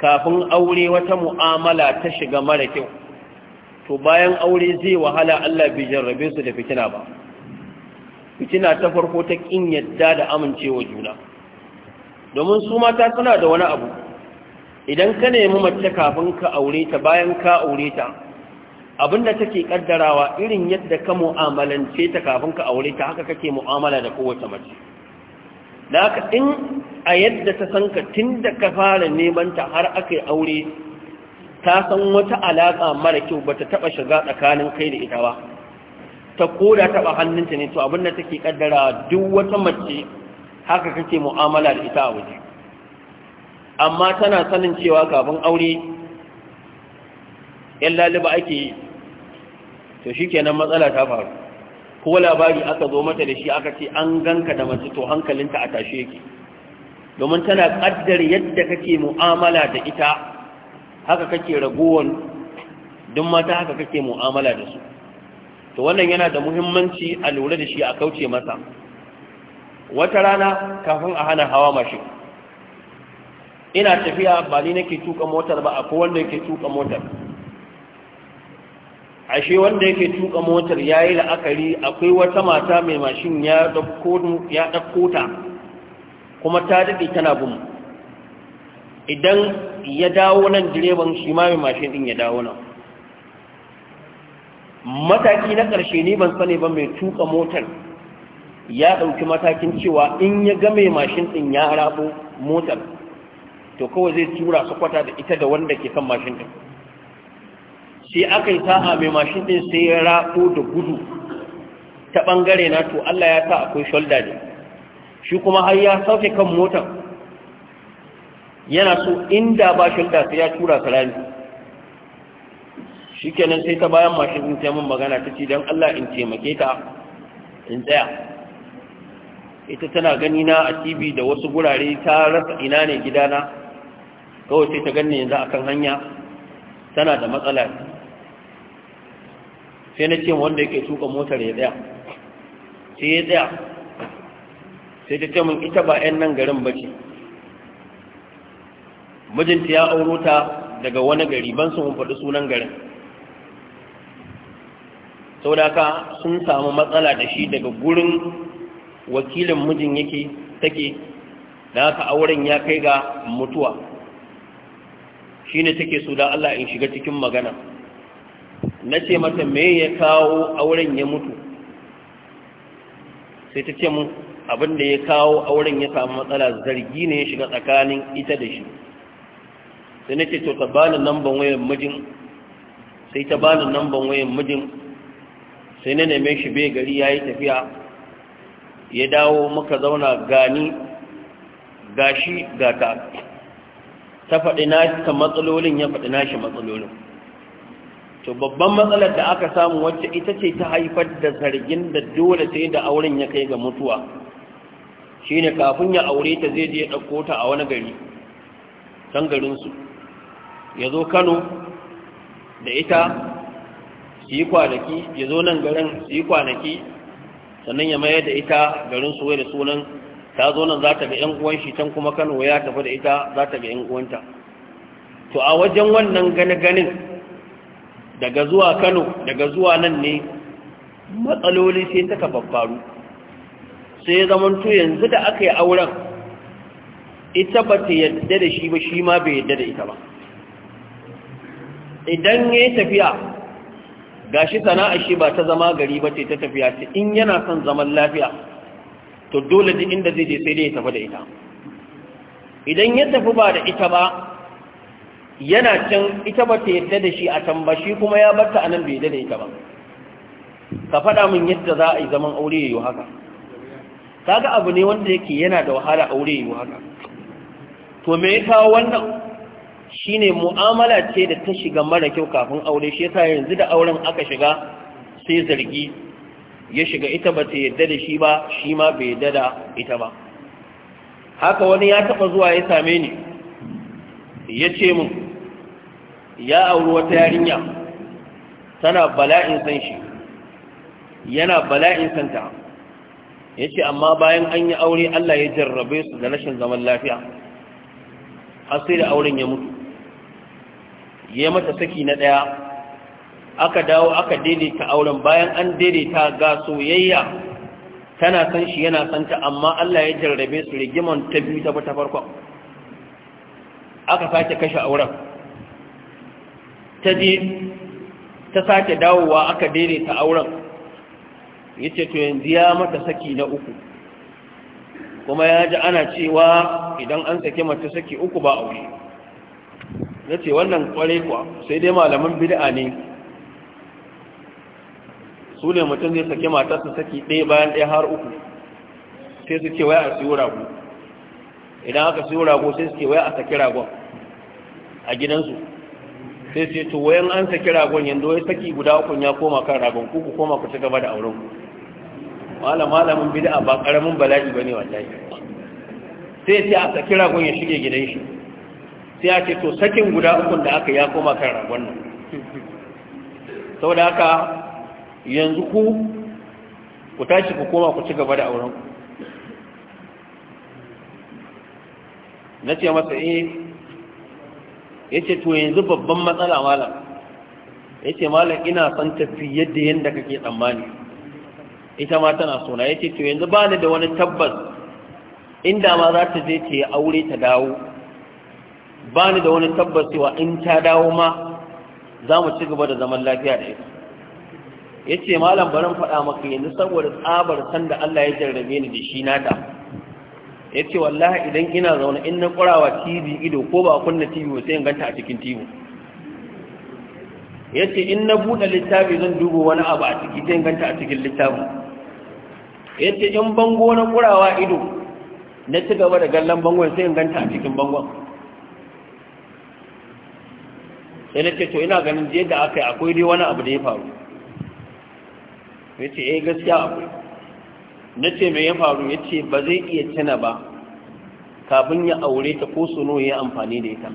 kafin aure wata mu'amala ta shiga mara kyau to bayan aure zai wahala Allah bai jarrabe su da fitina ba fitina ta farko ta kin yadda da amincewa juna domin su mata suna da wani abu idan ka nemi mace kafin ka aure ta bayan ka aure ta abinda take kaddarawa irin yadda ka mu'amalance ta kafin ka aure ta haka kake mu'amala da kowace mace da haka in a yadda ta san ka tun da ka fara neman ta har akai aure ta san wata alaƙa mara kyau bata taba shiga tsakanin kai da ita ba ta koda taɓa hannunta ne to abinda take kaddarawa duk wata mace haka kake mu'amala da ita a waje amma tana sanin cewa kafin aure yan laliba ake to shi kenan matsala ta faru ko labari aka zo mata da shi aka ce an ganka da mace to hankalinta a tashe yake domin tana kaddar yadda kake mu'amala da ita haka kake ragowar duk mata haka kake mu'amala da su to wannan yana da muhimmanci a lura da shi a kauce masa wata rana kafin a hana hawa mashin ina tafiya ba ni nake tuka motar ba akwai wanda yake tuka motar ashe wanda yake tuka motar ya yi la'akari akwai wata mata mai mashin ya ɗauko ta kuma ta daɗe tana bin idan ya dawo nan direban shi ma mai mashin ɗin ya dawo nan mataki na ƙarshe ne ban sani ba mai tuka motar ya ɗauki matakin cewa in ya ga mai mashin ɗin ya rabo motar to kawai zai tura su kwata da ita da wanda ke kan mashin ɗin sai aka yi sa'a mai mashin ɗin sai ya rako da gudu ta ɓangare na to Allah ya sa akwai shoulder ne shi kuma har ya sauke kan motar yana so inda ba shoulder sai ya tura ka rami shi kenan sai ta bayan mashin ɗin sai mun magana ta ce don Allah in taimake ta in tsaya ita tana gani na a tv da wasu gurare ta rasa ina ne gidana kawai sai ta gani yanzu akan hanya tana da matsala sai na ce wanda yake tuka motar ya tsaya sai ya tsaya sai ta ce min ita ba 'yan nan garin ba ce mijinta ya auro ta daga wani gari ban su faɗi sunan garin sau da ka sun samu matsala da shi daga gurin wakilin mijin yake take da haka auren ya kai ga mutuwa shi ne take so da Allah in shiga cikin magana na ce mata me ya kawo auren ya mutu sai ta ce mu abin da ya kawo auren ya samu matsala zargi ne ya shiga tsakanin ita da shi sai na ce to ta bani namban wayan mijin sai ta bani namban wayan mijin sai na neme shi bai gari ya yi tafiya ya dawo muka zauna gani gashi gata ta faɗi na ta matsalolin ya faɗi na shi matsalolin to babban matsalar da aka samu wacce ita ce ta haifar da zargin da dole sai da auren ya kai ga mutuwa shine kafin ya aure ta zai je ya ɗauko ta a wani gari can garinsu ya zo kano da ita su yi kwanaki ya zo nan garin su yi kwanaki sannan ya mayar da ita garin su wai da sunan ta zo nan za ta ga 'yan uwan shi can kuma kano ya tafi da ita za ta ga 'yan uwanta to a wajen wannan gani ganin daga zuwa kano daga zuwa nan ne matsaloli sai ta ka babbaru sai zaman to yanzu da aka yi auren ita ba ta yadda da shi ba shi ma bai yadda da ita ba idan ya yi tafiya ga shi sana'ar shi ba ta zama gari ba ce ta tafiya ce in yana son zaman lafiya to dole da inda zai je sai dai ya tafi da ita idan ya tafi ba da ita ba yana can ita ba ta yadda da shi a can kuma ya barta anan nan bai yadda da ita ba ka faɗa min yadda za a yi zaman aure ya yi haka kaga abu ne wanda yake yana da wahala aure ya haka to me ya kawo wannan shine mu'amala ce da ta shiga mara kyau kafin aure shi yasa yanzu da auren aka shiga sai zargi ya shiga ita ba ta yadda da shi ba shi ma bai yadda da ita ba haka wani ya taɓa zuwa ya same ni ya ce mun ya auri wata yarinya tana bala'in san shi yana bala'in santa ya ce amma bayan an yi aure Allah ya jarrabe su da rashin zaman lafiya har sai da auren ya mutu ya mata saki na ɗaya aka dawo aka daidaita auren bayan an daidaita ga soyayya tana san shi yana santa amma Allah ya jarrabe su rigiman ta biyu ta farkon aka sake kashe auren ta je ta sake dawowa aka daidaita auren ya ce to yanzu ya mata saki na uku kuma ya ji ana cewa idan an sake mata saki uku ba aure na ce wannan kware kuwa sai dai malaman bid'a ne su ne mutum zai sake matarsa saki ɗaya bayan ɗaya har uku sai su ce waya a siyo rago idan aka siyo rago sai su ce waya a saki ragon a gidansu sai ce to wayan an saki ragon yanzu wai saki guda uku ya koma kan ragon ku ku koma ku ci gaba da auren ku malam malamin bid'a ba karamin bala'i bane wallahi sai ce a saki ragon ya shige gidan shi sai a ce to sakin guda uku da aka ya koma kan ragon nan saboda haka yanzu ku ku tashi ku koma ku ci gaba da auren ku na ce masa eh ya ce to yanzu babban matsala malam ya ce malam ina son tafi yadda yadda kake tsammani ita ma tana suna ya ce to yanzu ba ni da wani tabbas inda ma za ta je ta yi aure ta dawo ba ni da wani tabbas cewa in ta dawo ma za mu ci gaba da zaman lafiya da ita ya ce malam barin faɗa maka yanzu saboda tsabar sanda Allah ya jarrabe ni da shi nata ya ce wallahi idan ina zaune in na kurawa tv ido ko ba kunna tv ba sai in ganta a cikin tv ya ce in na buɗe littafi zan duba wani abu a ciki sai in ganta a cikin littafi ya ce in bango na kurawa ido na ci gaba da gallan bangon sai in ganta a cikin bangon sai na ce to ina ganin jiya da aka yi akwai dai wani abu da ya faru ya ce eh gaskiya akwai na ce mai ya faru ya ce ba zai iya cina ba kafin ya aure ta ko suno ya amfani da ita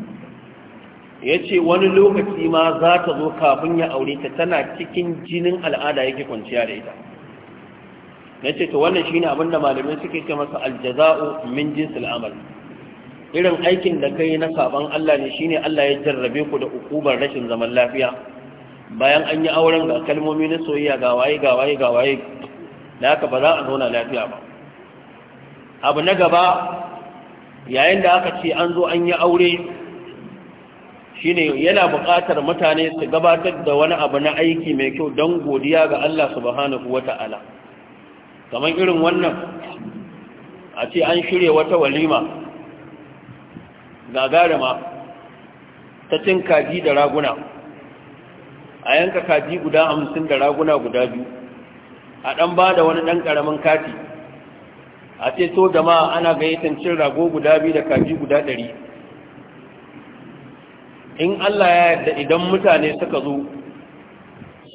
ya ce wani lokaci ma za ta zo kafin ya aure ta tana cikin jinin al'ada yake kwanciya da ita na ce ta wannan shine abin da malamai suke ce masa aljaza'u min jinsu al'amal irin aikin da kai na saban Allah ne shine Allah ya jarrabe ku da ukubar rashin zaman lafiya bayan an yi auren ga kalmomi na soyayya ga waye ga waye ga waye da haka ba za a zauna lafiya ba abu na gaba yayin da aka ce an zo an yi aure shine yana buƙatar mutane su gabatar da wani abu na aiki mai kyau don godiya ga Allah subhanahu wata'ala kamar irin wannan a ce an shirya wata walima gagarima ta cin kaji da raguna a yanka kaji guda hamsin da raguna guda biyu a ɗan ba da wani ɗan ƙaramin kati a ce to jama'a ana gayyatar cin rago guda biyu da kaji guda ɗari in Allah ya yarda idan mutane suka zo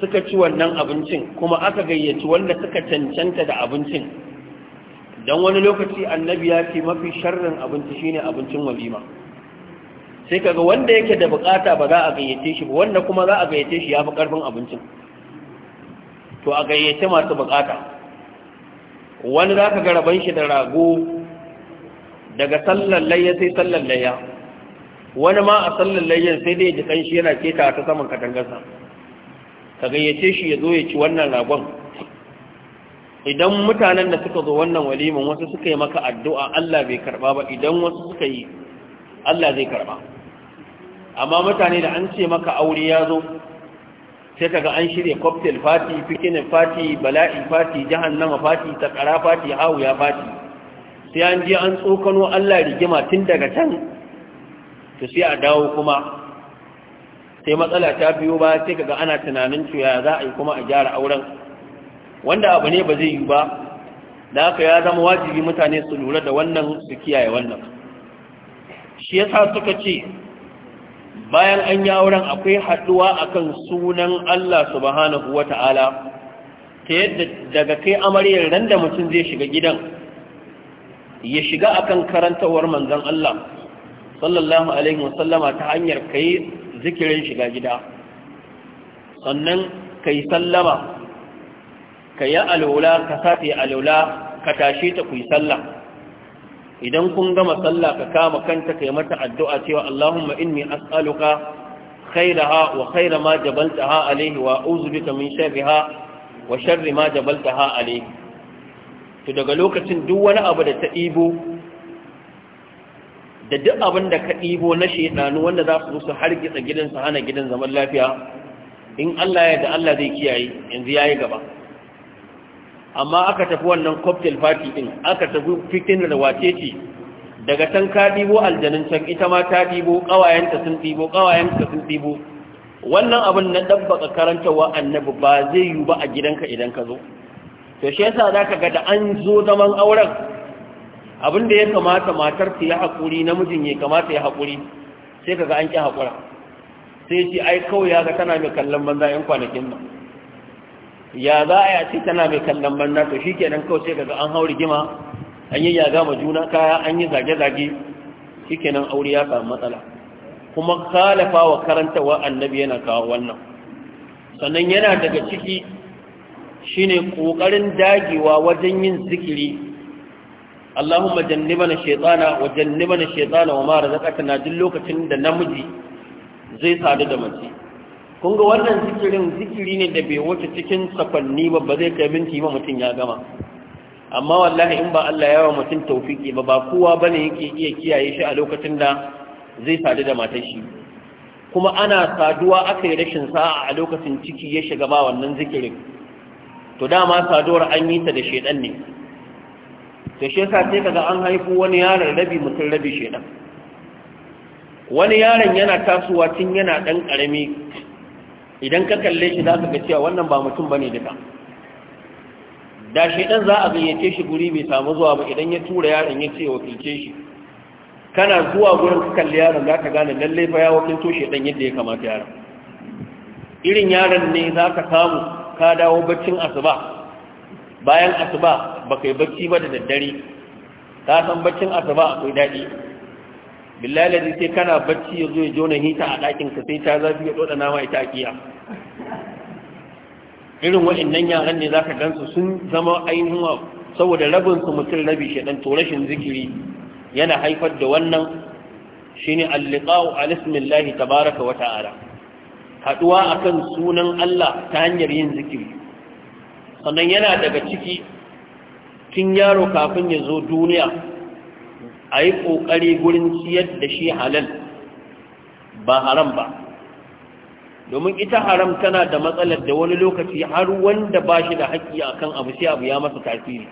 suka ci wannan abincin kuma aka gayyaci wanda suka cancanta da abincin don wani lokaci annabi ya ce mafi sharrin abinci shine abincin walima sai kaga wanda yake da bukata ba za a gayyace shi ba wanda kuma za a gayyace shi ya fi karfin abincin to a gayyace masu bukata wani za ka garaban shi da rago daga sallar layya sai sallar layya wani ma a sallar layyan sai dai ji kanshi yana keta ta saman katangarsa ka gayyace shi ya zo ya ci wannan ragon idan mutanen da suka zo wannan waliman wasu suka yi maka addu'a Allah bai karba ba idan wasu suka yi Allah zai karba amma mutane da an ce maka aure ya zo sai kaga an shirya cocktail party picnic party bala'i party jahannama party takara party ya party sai an je an tsokano Allah rigima tun daga can to sai a dawo kuma sai matsala ta biyo ba sai kaga ana tunanin cewa za a yi kuma a gyara auren wanda abu ne ba zai yi ba da haka ya zama wajibi mutane su lura da wannan su kiyaye wannan shi yasa suka ce bayan an yi auren akwai haɗuwa akan sunan Allah subhanahu wa ta'ala ta yadda daga kai amaryar ran da mutum zai shiga gidan ya shiga akan karantawar manzon Allah sallallahu alaihi wasallama ta hanyar kai zikirin shiga gida sannan kai sallama ka yi ka yi alula ka tashe ta kuyi sallah idan kun gama sallah ka kama kanta kai mata addu'a cewa Allahumma inni as'aluka khairaha wa khaira ma jabaltaha alayhi wa a'udhu bika min sharriha wa sharri ma jabaltaha alayhi to daga lokacin duk wani abu da ta ibo da duk abin da ka ibo na shedanu wanda za su su hargitsa gidansa hana gidan zaman lafiya in Allah ya da Allah zai kiyaye yanzu yayi gaba amma aka tafi wannan cocktail party din aka tafi fitin da wace ce daga can ka ɗibo aljanin can ita ma ta ɗibo ƙawayenta sun ɗibo ƙawayenta sun ɗibo wannan abin na karanta karantarwa annabi ba zai yiwu ba a gidanka idan ka zo to shi yasa zaka ga da an zo zaman auren abin da ya kamata matar ta yi haƙuri namijin ya kamata ya haƙuri sai kaga an ki hakura sai ce ai kawai ya tana mai kallon banza 'yan kwanakin nan ya za a yace tana mai kallon banna to shi kenan kawai sai kaga an haure gima an yi yaga ma juna kaya an yi zage-zage shi kenan aure ya samu matsala kuma kalafa wa wa annabi yana kawo wannan sannan yana daga ciki shine kokarin dagewa wajen yin zikiri Allahumma jannibana wajen wa mana shetsana wa mara zakatana duk lokacin da namiji zai sadu da mace kun ga wannan zikirin zikiri ne da bai wuce cikin safanni ba ba zai kai minti ba mutum ya gama amma wallahi in ba Allah ya wa mutum tawfiki ba ba kowa bane yake iya kiyaye shi a lokacin da zai sadu da matar shi kuma ana saduwa aka yi rashin sa'a a lokacin ciki ya shiga ba wannan zikirin to dama saduwar an yi ta da shedan ne to shi yasa sai kaga an haifu wani yaron rabi mutum rabi shedan wani yaron yana tasowa tun yana dan karami idan ka kalle shi za ka ga cewa wannan ba mutum bane duka da shi ɗan za a gayyace shi guri bai samu zuwa ba idan ya tura yaron ya ce wakilce shi kana zuwa gurin ka kalli yaron za ka gane lalle fa ya wakilto ɗan yadda ya kamata yaron irin yaron ne za ka samu ka dawo baccin asuba bayan asuba ba kai bacci ba da daddare ka san baccin asuba akwai daɗi billahi da sai kana bacci ya zo ya jona hita a ɗakin ka sai ta zafi ya ɗoɗa nama ita kiya irin waɗannan yaran ne za ka gansu sun zama ainihin saboda rabin su mutum rabi shaɗan to rashin zikiri yana haifar da wannan shine alliqa'u alismillahi tabaraka wa ta'ala haduwa akan sunan Allah ta hanyar yin zikiri sannan yana daga ciki tun yaro kafin ya zo duniya a yi ƙoƙari gurin ciyar da shi halal ba haram ba domin ita haram tana da matsalar da wani lokaci har wanda ba shi da haƙƙi a kan abu sai abu ya masa tasiri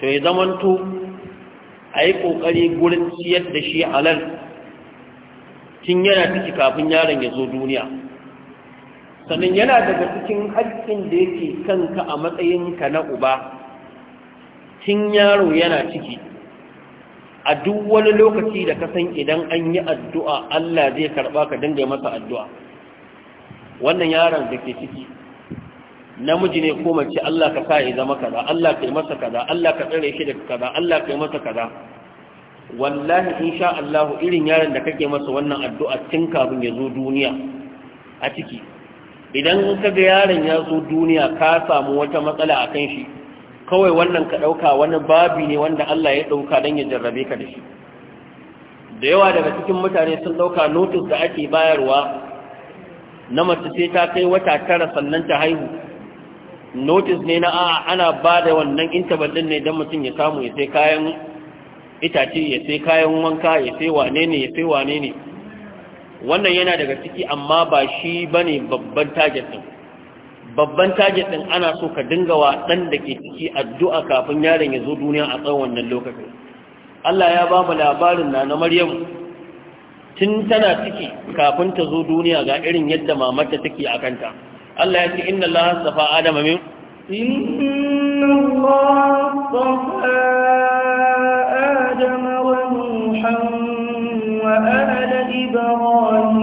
to ya zamanto a yi ƙoƙari gurin ciyar da shi halal tun yana ciki kafin yaron ya zo duniya sannan yana daga cikin haƙƙin da yake kanka a matsayinka na uba tun yaro yana ciki a duk wani lokaci da ka san idan an yi addu'a Allah zai karɓa ka dinga masa addu'a wannan yaron da ke ciki namiji ne ko mace Allah ka sa ya zama kaza Allah ka yi masa kaza Allah ka tsare shi daga kaza Allah ka yi masa kaza wallahi sha Allah irin yaron da kake masa wannan addu'a tun kafin ya zo duniya a ciki idan ka ga yaron ya zo duniya ka samu wata matsala a kan shi kawai wannan ka ɗauka wani babi ne wanda Allah ya ɗauka don ya jarrabe ka da shi da yawa daga cikin mutane sun ɗauka notis da ake bayarwa na mace sai ta kai wata tara sannan ta haihu notis ne na a'a ana ba da wannan intaballin ne don mutum ya samu ya sai kayan itace ya sai kayan wanka ya sai wane ne ya sai wane ne wannan yana daga ciki amma ba shi bane babban target din babban target din ana so ka dinga wa dan da ke ciki addu'a kafin yaron ya zo duniya a tsawon wannan lokacin Allah ya ba mu labarin na na Maryam tun tana ciki kafin ta zo duniya ga irin yadda mamarta take a kanta Allah ya ce inna Allah safa Adam min inna Allah safa Adam wa wa ala Ibrahim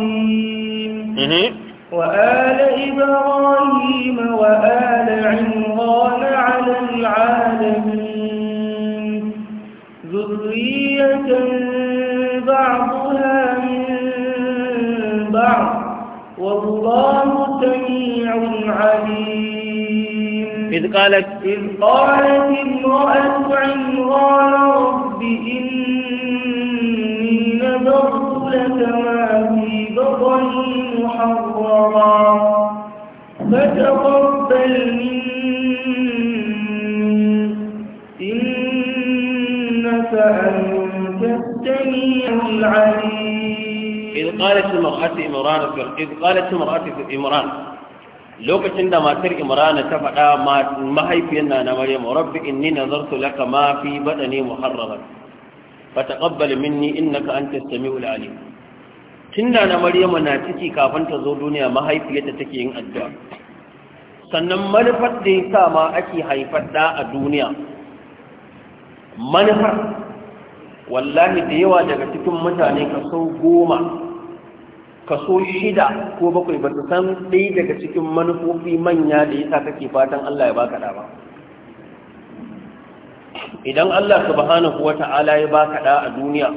mhm. وآل إبراهيم وآل عمران على العالمين ذرية بعضها من بعض والله سميع عليم إذ قالت إذ قالت امرأة عمران رب إني نذرت لك ما في بطن محررا فتقبل مني إنك أنت السميع العليم إذ قالت امرأة إذ قالت امرأة إمران لوكشن ده ما تر ما هي في أنا مريم ربي إني نظرت لك ما في بطني محررا fataqabbal minni innaka antas samiul alim tunda na maryama na ciki kafin ta zo duniya mahaifiyarta take yin addu'a sannan manufar da sa ma ake haifar da a duniya manufar wallahi da yawa daga cikin mutane kaso goma kaso shida ko bakwai ba san ɗaya daga cikin manufofi manya da yasa kake fatan Allah ya baka da ba idan Allah subhanahu Ta'ala ya ba da a duniya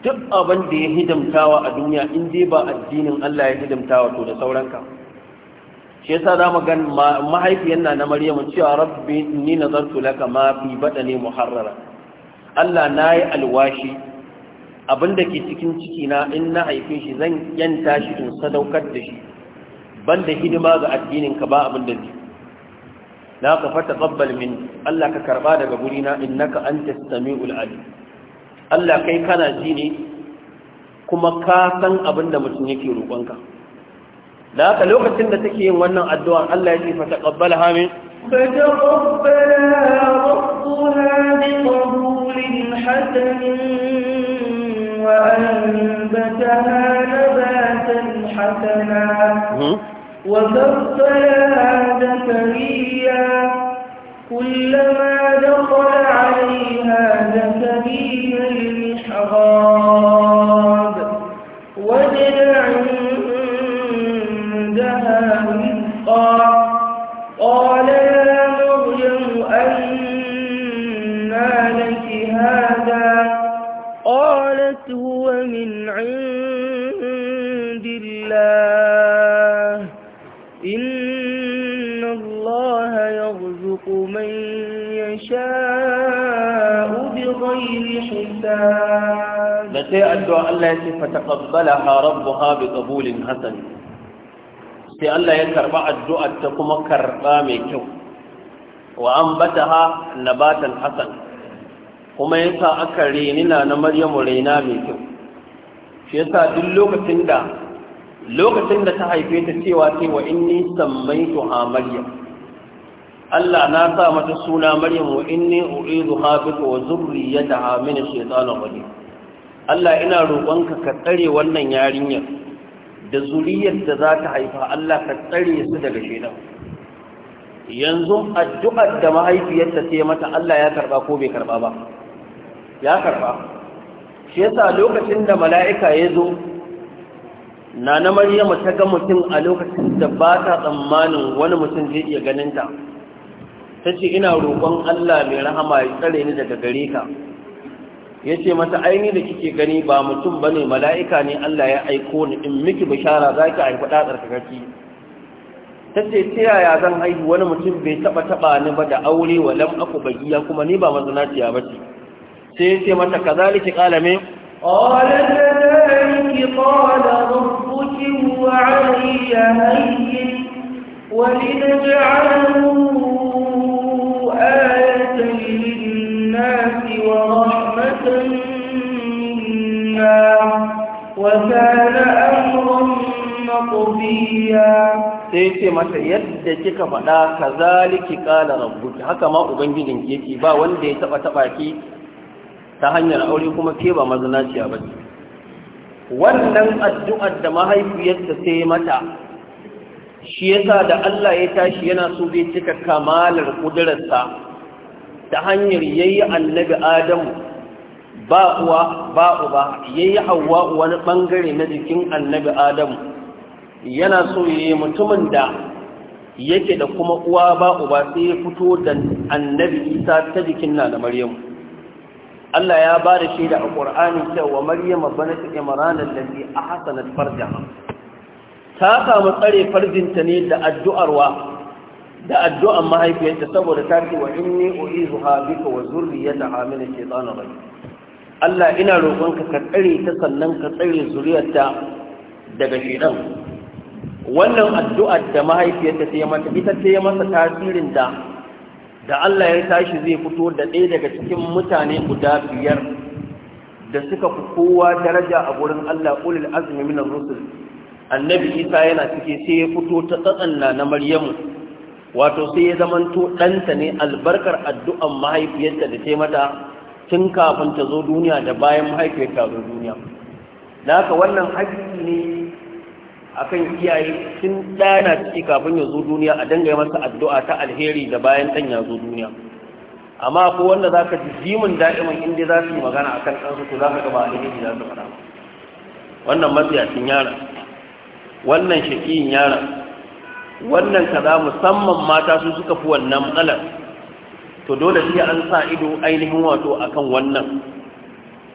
duk abin da ya hidimtawa a duniya in dai ba addinin Allah ya hidimtawa to da sauranka shi yasa zamu ga mahaifiyar na na Maryamu cewa rabbi inni nazartu laka ma fi badani muharrara Allah nayi alwashi abin da ke cikin ciki na in na haife shi zan yanta shi in sadaukar da shi banda hidima ga addinin ka ba abin da zai la ka fata qabbal min Allah ka karba daga gurina innaka antas samiul alim Allah kai kana ji ne kuma ka san abin da mutum yake roƙonka da haka lokacin da take yin wannan addu'a Allah ya ce fa taqabbala ha min fa taqabbala وزوجها زكريا كلما دخل عليها زكريا المحراب sai addu'a Allah ya ce fataqabbalaha rabbuha biqabulin hasan sai Allah ya karɓa addu'ar ta kuma karɓa mai kyau wa an na batan hasan kuma ya sa aka renina na Maryamu raina mai kyau shi yasa duk lokacin da lokacin da ta haife ta cewa ce wa inni su sammaituha Maryam Allah na sa mata suna Maryam wa inni u'iduha bika wa zurriyyataha min ash-shaytanir rajim Allah ina roƙonka ka tsare wannan yarinyar da zuriyar da za ta haifa Allah ka tsare su daga shedan yanzu addu'ar da mahaifiyarta ce mata Allah ya karba ko bai karba ba ya karba shi yasa lokacin da mala'ika ya zo na na maryamu ta ga mutum a lokacin da ba ta tsammanin wani mutum zai iya ganinta ta ce ina roƙon Allah mai rahama ya tsare ni daga gare ka ya ce mata aini da kike gani ba mutum ba ne mala'ika ne Allah ya aiko ni in miki bishara za ki haifi ka tsarkakaki ta ce ta yaya zan haihu wani mutum bai taɓa taɓa ni ba da aure wa lam aku bagiya kuma ni ba mazinaciya ba ce sai ya ce mata ka zalike ƙalame قالت منا sai ce mata yadda kika faɗa ka zaliki ƙala rabbuki haka ma ubangijin yake ba wanda ya taɓa taɓa ki ta hanyar aure kuma ke ba mazinaciya ba ce wannan addu'ar da mahaifiyarta sai mata shi yasa da Allah ya tashi yana so zai cika kamalar ƙudurarsa ta hanyar yayi annabi Adamu ba uwa ba uba yayi hawa wani bangare na jikin annabi adamu yana so yayi mutumin da yake da kuma uwa ba uba sai ya fito da annabi isa ta jikin na da maryamu Allah ya ba da shaida a Qur'ani cewa Maryama banat Imran allazi ahsanat farjaha ta samu tsare farjinta ne da addu'arwa da addu'an mahaifiyarta saboda ta ce wa inni uizuha bika wa zurriyataha min ash-shaytanir rajim Allah ina roƙonka ka tsare ta sannan ka tsare zuriyarta daga shedan wannan addu'ar da mahaifiyarta ta yi mata ita ta yi masa tasirin da da Allah ya tashi zai fito da ɗaya daga cikin mutane guda biyar da suka fi kowa daraja a wurin Allah ulul azmi min rusul annabi Isa yana cike sai ya fito ta tsatsanna na Maryamu wato sai ya zamanto ɗanta ne albarkar addu'ar mahaifiyarta da ta mata tun kafin ta zo duniya da bayan mahaifiyar ta zo duniya da haka wannan haƙƙi ne akan iyaye tun ɗaya na ciki kafin ya zo duniya a dangaye masa addu'a ta alheri da bayan ɗan ya zo duniya amma ko wanda zaka ji jimin da'iman inda za su yi magana kan ɗansu to za ka gaba alheri za su faɗa wannan matsiyacin yara wannan shaƙiyin yara wannan kaza musamman mata su suka fi wannan matsalar to dole sai an sa ido ainihin wato akan wannan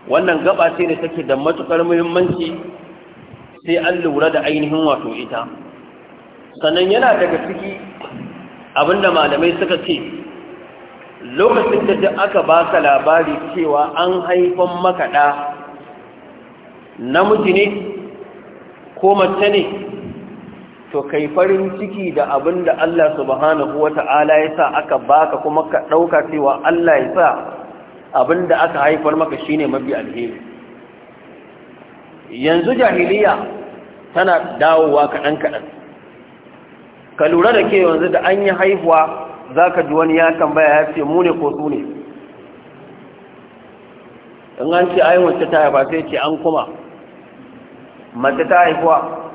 wannan gaba ce ne take da matukar muhimmanci sai an lura da ainihin wato ita sannan yana daga ciki abinda malamai suka ce lokacin da aka ba ka labari cewa an haifon makaɗa namiji ne ko mace ne to kai farin ciki da abin da Allah subhanahu wata'ala ya sa aka baka kuma ka ɗauka cewa Allah ya sa abin da aka haifar maka shine mafi alheri yanzu jahiliya tana dawowa kaɗan kaɗan ka lura da ke yanzu da an yi haihuwa za ka ji wani ya tambaya ya ce mu ne ko su ne in an ce ayin wacce ta haifa sai ce an kuma mace ta haifuwa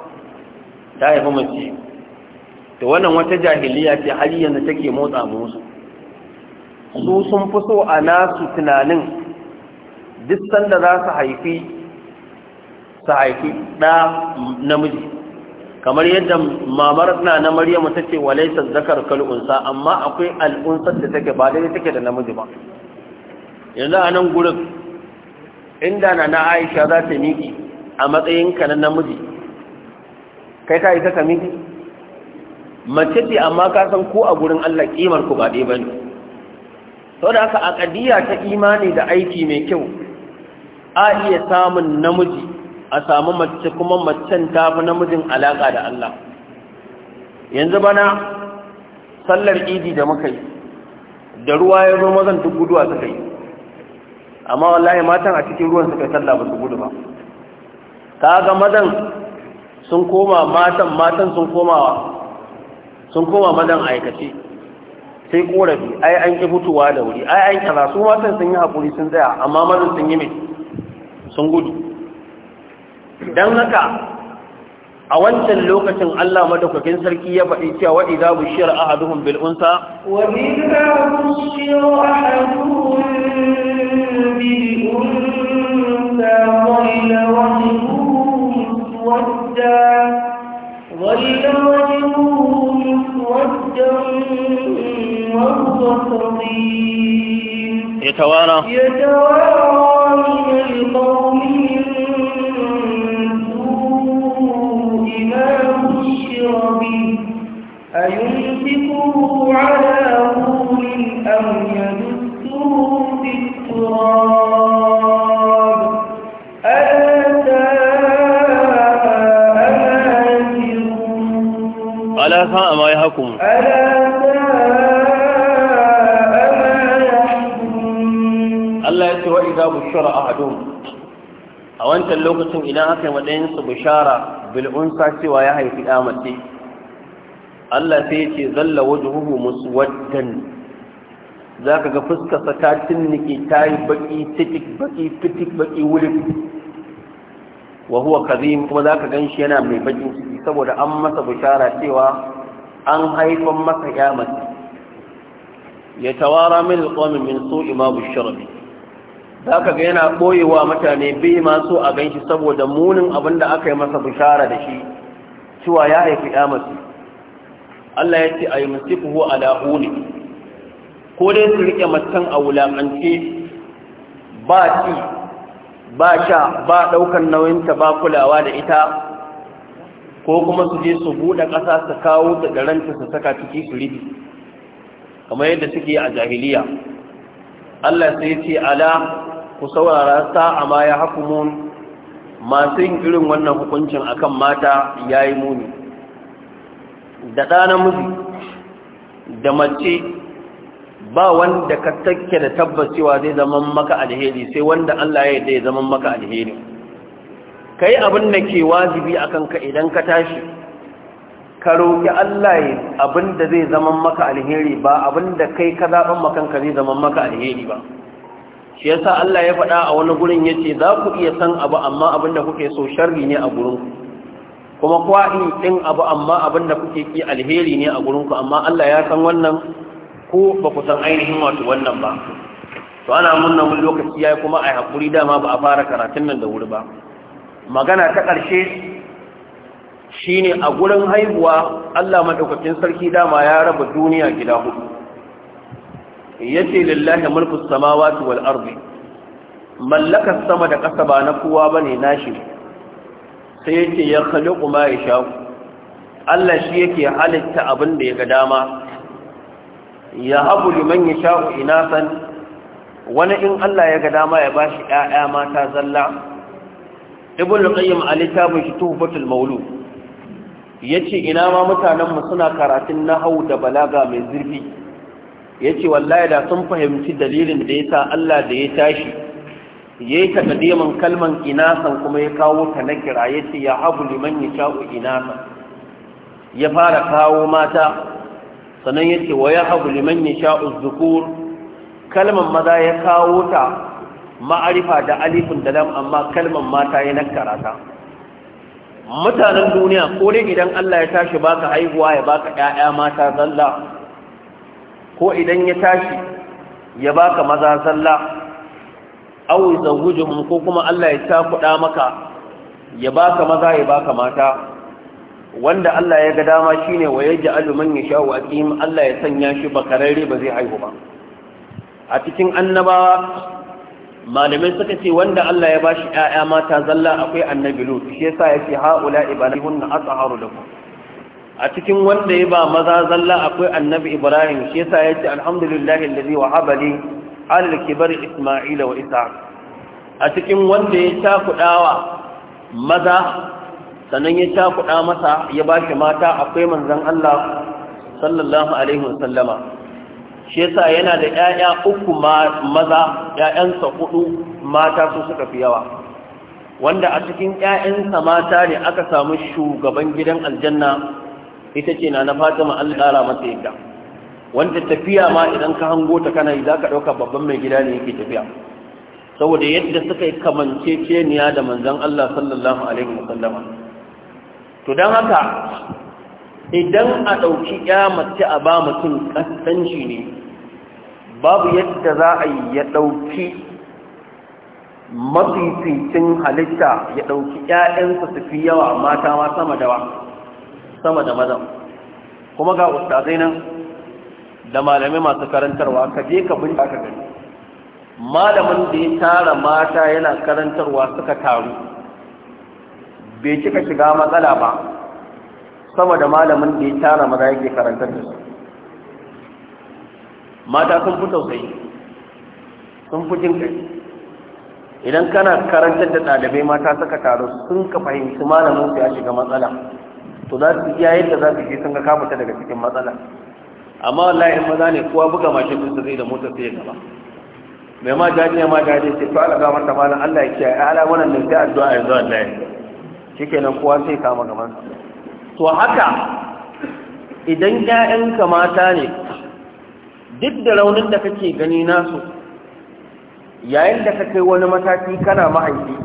ta haifi mace to wannan wata jahiliya ce har yanzu take motsa musu su sun fi so a nasu tunanin duk sanda za su haifi su haifi ɗa namiji kamar yadda mamar na na maryamu ta ce walaisa zakar kal'unsa amma akwai al'unsar da take ba daidai take da namiji ba yanzu a nan gurin inda na na aisha za ta miki a matsayinka na namiji kai ka yi ka miji mace ce amma ka san ko a gurin Allah kimar ku ba bane da haka aqidiyya ta imani da aiki mai kyau a iya samun namiji a samu mace kuma macen ta fi namijin alaka da Allah yanzu bana sallar idi da muka yi da ruwa ya zo mazan duk guduwa suka yi amma wallahi matan a cikin ruwan suka yi sallah ba su gudu ba Ka ga mazan sun koma matan matan sun komawa sun koma madan aikace sai korafi ai an ki fitowa da wuri ai an kaza su matan sun yi hakuri sun tsaya amma madan sun yi mai sun gudu dan haka a wancan lokacin Allah madaukakin sarki ya faɗi cewa wa idza bushira ahaduhum bil unsa wa idza bushira ahaduhum bil unsa qala wa مدا ظل وجهه مسودا وهو صغير يتوارى يتوارى من القوم من سوء ما بشر به أيمسكه على bushara ahadum a wancan lokacin idan aka yi matsayin su bushara bil cewa ya haifi da mace Allah sai ce zalla waddan. Za ka ga fuskarsa ta tinnike ta yi baƙi titik baƙi titik baƙi wulif wa huwa kazim kuma zaka ganshi yana mai bakin ciki saboda an masa bushara cewa an haifan masa ya mace ya tawara min alqawmi min so ma bushara za ka ga yana ɓoyewa mutane bai ma so a gan shi saboda munin abin da aka yi masa bishara da shi cewa ya haifi ya masu Allah ya ce a yi musikuhu ala ko dai su riƙe matan a wulaƙance ba ci ba sha ba ɗaukar nauyinta ba kulawa da ita ko kuma su je su buɗe ƙasa su kawo da garanta su saka ciki su kamar yadda suke a jahiliya Allah sai ce ala ku saurara sa ma ya hakumun masu yin irin wannan hukuncin akan mata yayi muni da ɗa muzi da mace ba wanda ka take da tabbas cewa zai zama maka alheri sai wanda Allah ya yarda ya zama maka alheri kai abin da ke wajibi akan ka idan ka tashi ka roƙi Allah ya abinda zai zama maka alheri ba abinda kai ka zaɓen makanka zai zama maka alheri ba shi yasa Allah ya faɗa a wani gurin ya ce za ku iya san abu amma abinda kuke so sharri ne a gurin kuma kwai ɗin abu amma abinda kuke ki alheri ne a gurin ku amma Allah ya san wannan ko ba ku san ainihin wato wannan ba to ana munna mun lokaci yayi kuma ai hakuri dama ba a fara karatun nan da wuri ba magana ta ƙarshe shine a gurin haihuwa Allah maɗaukacin sarki dama ya raba duniya gida hudu yace lillahi mulku samawati wal ardi mallakar sama da ƙasa ba na kowa bane nashi sai yace ya kuma ya yasha Allah shi yake halitta abin da ya ga dama ya habu liman ina san? wani in Allah ya ga dama ya ba shi yaya mata zalla ibn al a littafin shi tuhfatul maulud yace ina ma mutanen mu suna karatun nahau da balaga mai zurfi yace wallahi da sun fahimci dalilin da yasa Allah da ya tashi yayi takaddiman kalman inasan kuma ya kawo ta na kira yace ya habu liman yasha'u inasan ya fara kawo mata sannan yace wa ya habu liman yasha'u dhukur kalman maza ya kawo ta ma'arifa da alifin da lam amma kalman mata ya nakkara mutanen duniya ko dai idan Allah ya tashi baka haihuwa ya baka ƴaƴa mata zalla ko idan ya tashi ya baka maza zalla aw zawjuhum ko kuma Allah ya takuda maka ya baka maza ya baka mata wanda Allah ya ga dama shine wa yaj'alu man yasha'u aqim Allah ya sanya shi bakararre ba zai haihu ba a cikin annabawa malamai suka ce wanda Allah ya bashi ƴaƴa mata zalla akwai annabi lut shi yasa yace haula ibalihunna atharu lakum a cikin wanda ya ba maza zalla akwai annabi ibrahim shi yasa yace alhamdulillahi alladhi wahaba li alal kibar isma'ila wa ishaq a cikin wanda ya takudawa maza sannan ya takuda masa ya bashi mata akwai manzon Allah sallallahu alaihi wasallama shi yasa yana da ƴaƴa uku maza ƴaƴansa hudu mata su suka fi yawa wanda a cikin ƴaƴansa mata ne aka samu shugaban gidan aljanna ita ce na Fatima Allah ƙara mata yadda wanda tafiya ma idan ka hango ta kana yi ka ɗauka babban mai gida ne yake tafiya saboda yadda suka yi kamanceceniya da manzon Allah sallallahu alaihi wasallama to dan haka idan a ɗauki mace a ba mutum ƙasanci ne babu yadda za a yi ya ɗauki mafificin halitta ya ɗauki ‘ya'yansa su fi yawa mata ma sama da sama da maza kuma ga ustazai nan da malamai masu karantarwa ka je ka bin ka gani malamin da ya tara mata yana karantarwa suka taru bai cika shiga matsala ba sama da malamin da ya tara maza yake karantar da su mata sun fi tausayi sun fi jin kai idan kana karantar da ɗalibai mata suka taru sun ka fahimci malamin su ya shiga matsala to za su iya yadda za su je sun ga kafuta daga cikin matsala amma wallahi maza ne kowa buga mashin sun zai da motar sai ya gaba mai ma ya ma jaji sai to alaga mata malam Allah ya kiyaye ala wannan da sai addu'a yanzu Allah ya nan kowa sai kama gaban su. to haka idan 'ya'yanka mata ne duk da raunin da kake gani nasu yayin da ka kai wani mataki kana mahaifi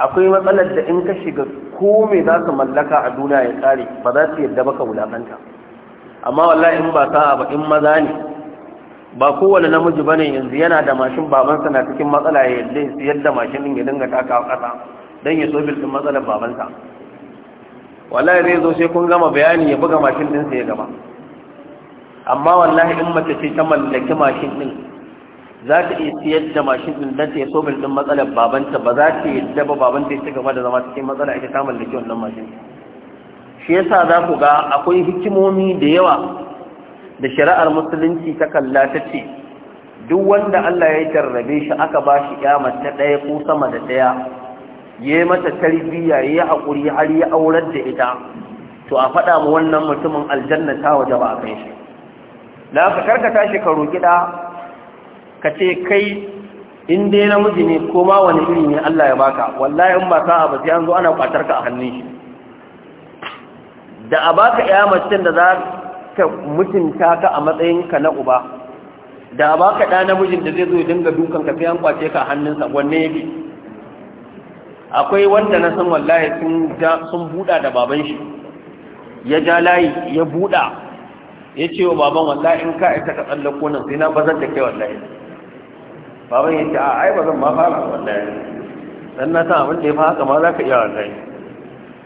akwai matsalar da in ka shiga ko me za su mallaka a duniya ya tsare ba za su yadda baka wulakanta amma wallahi in ba sa'a ba in maza ne ba kowane namiji bane yanzu yana da mashin babansa na cikin matsala ya yadda yadda mashin din ya dinga taka a ƙasa don ya so bil matsalar babansa wallahi zai zo sai kun gama bayani ya buga mashin ɗinsa ya gama, amma wallahi in mace ce ta mallaki mashin ɗin za ta iya siyar da mashin din don ta yi sobin ɗin matsalar babanta ba za ta yi daba babanta ya ci gaba da zama cikin matsala ita ta mallaki wannan mashin shi yasa za ku ga akwai hikimomi da yawa da shari'ar musulunci ta kalla ta ce duk wanda Allah ya jarrabe shi aka ba shi kyamar ta ɗaya ko sama da ɗaya ya mata tarbiyya ya haƙuri har ya aurar da ita to a faɗa mu wannan mutumin aljanna ta waje ba a kai shi da aka karkata shi ka roki ka ce kai in dai namiji ne ko ma wani iri ne Allah ya baka wallahi in ba sa'a ba sai an zo ana kwatar ka a hannun shi da a baka ya mace da za ka mutunta ka a matsayin ka na uba da a baka ɗa namijin da zai zo dinga dukan ka sai an kwace ka a hannunsa wanne yake akwai wanda na san wallahi sun buɗa da baban shi ya ja layi ya buɗa ya ce wa baban wallahi in ka ita ka tsallako nan sai na bazar da kai wallahi baban ya ce a ai ba zan ma fara wallahi dan na san abin da ya fa haka ma za ka iya wallahi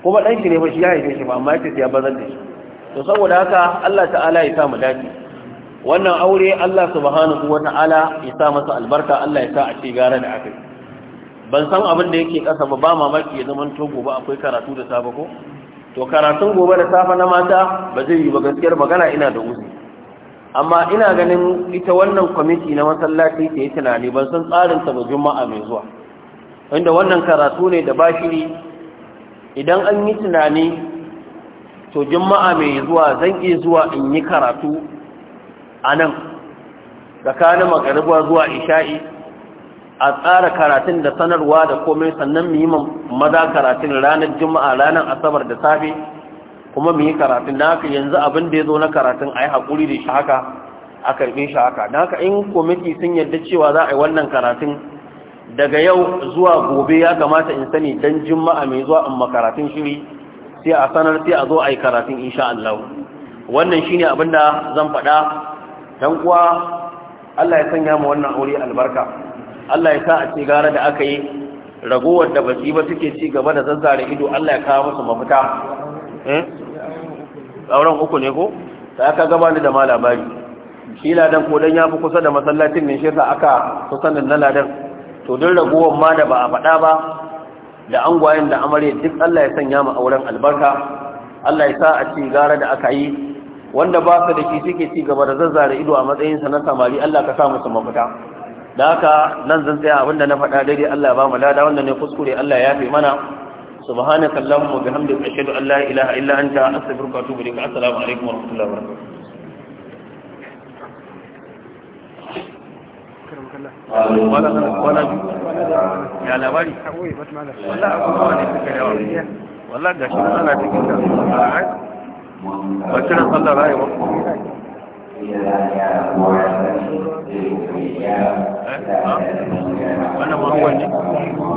kuma ɗan shi ne ba shi ya haife shi ba amma ya ce ya bazar da shi to saboda haka Allah ta'ala ya sa mu dace wannan aure Allah subhanahu wa ta'ala ya sa masa albarka Allah ya sa a ci gara da akai ban san abin da yake ƙasa ba ba mamaki ya zama to gobe akwai karatu da safe ko to karatun gobe da safe na mata ba zai yi ba gaskiyar magana ina da uzi amma ina ganin ita wannan kwamiti na masallaci ta yi tunani ban san tsarin ta ba juma'a mai zuwa inda wannan karatu ne da bashiri idan an yi tunani to juma'a mai zuwa zan iya zuwa in yi karatu a nan tsakanin magariba zuwa isha'i a tsara karatun da sanarwa da komai sannan mu yi maza karatun ranar juma'a ranar asabar da safe kuma mu yi karatun na haka yanzu abin da ya zo na karatun a yi haƙuri da shi haka a karɓe shi haka na haka in kwamiti sun yadda cewa za a yi wannan karatun daga yau zuwa gobe ya kamata in sani don juma'a mai zuwa in makaratun shiri sai a sanar sai a zo a yi karatun insha Allah wannan shine abin da zan faɗa dan kuwa Allah ya sanya mu wannan aure albarka Allah ya sa a ce gara da aka yi ragowar da basi ba suke ci gaba da zazzare ido Allah ya kawo musu mafita eh? auren uku ne ko ta aka gaba da ma labari shi ladan ko dan ya fi kusa da masallacin ne shi aka kusa da na ladan to don ragowar ma da ba a faɗa ba da angwayen da amare duk Allah ya sanya mu auren albarka Allah ya sa a ci gara da aka yi wanda ba su da shi suke ci gaba da zazzare ido a matsayinsa na samari Allah ka sa musu mafita da haka nan zan tsaya abinda na faɗa daidai Allah ba mu lada wanda ne kuskure Allah ya fi mana subhanaka allahumma bihamdika ashhadu an la ilaha illa anta astaghfiruka wa atubu ilaik assalamu alaikum wa rahmatullahi wa barakatuh ya labari ana cikin da ba rayuwa wannan mako ne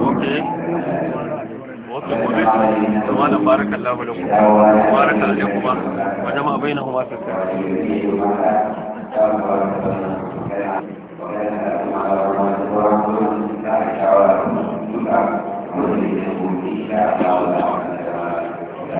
oke oke gobe da malam baraka Allahu lakum baraka alaikum wa jama'a bainahum wa fikum Thank you.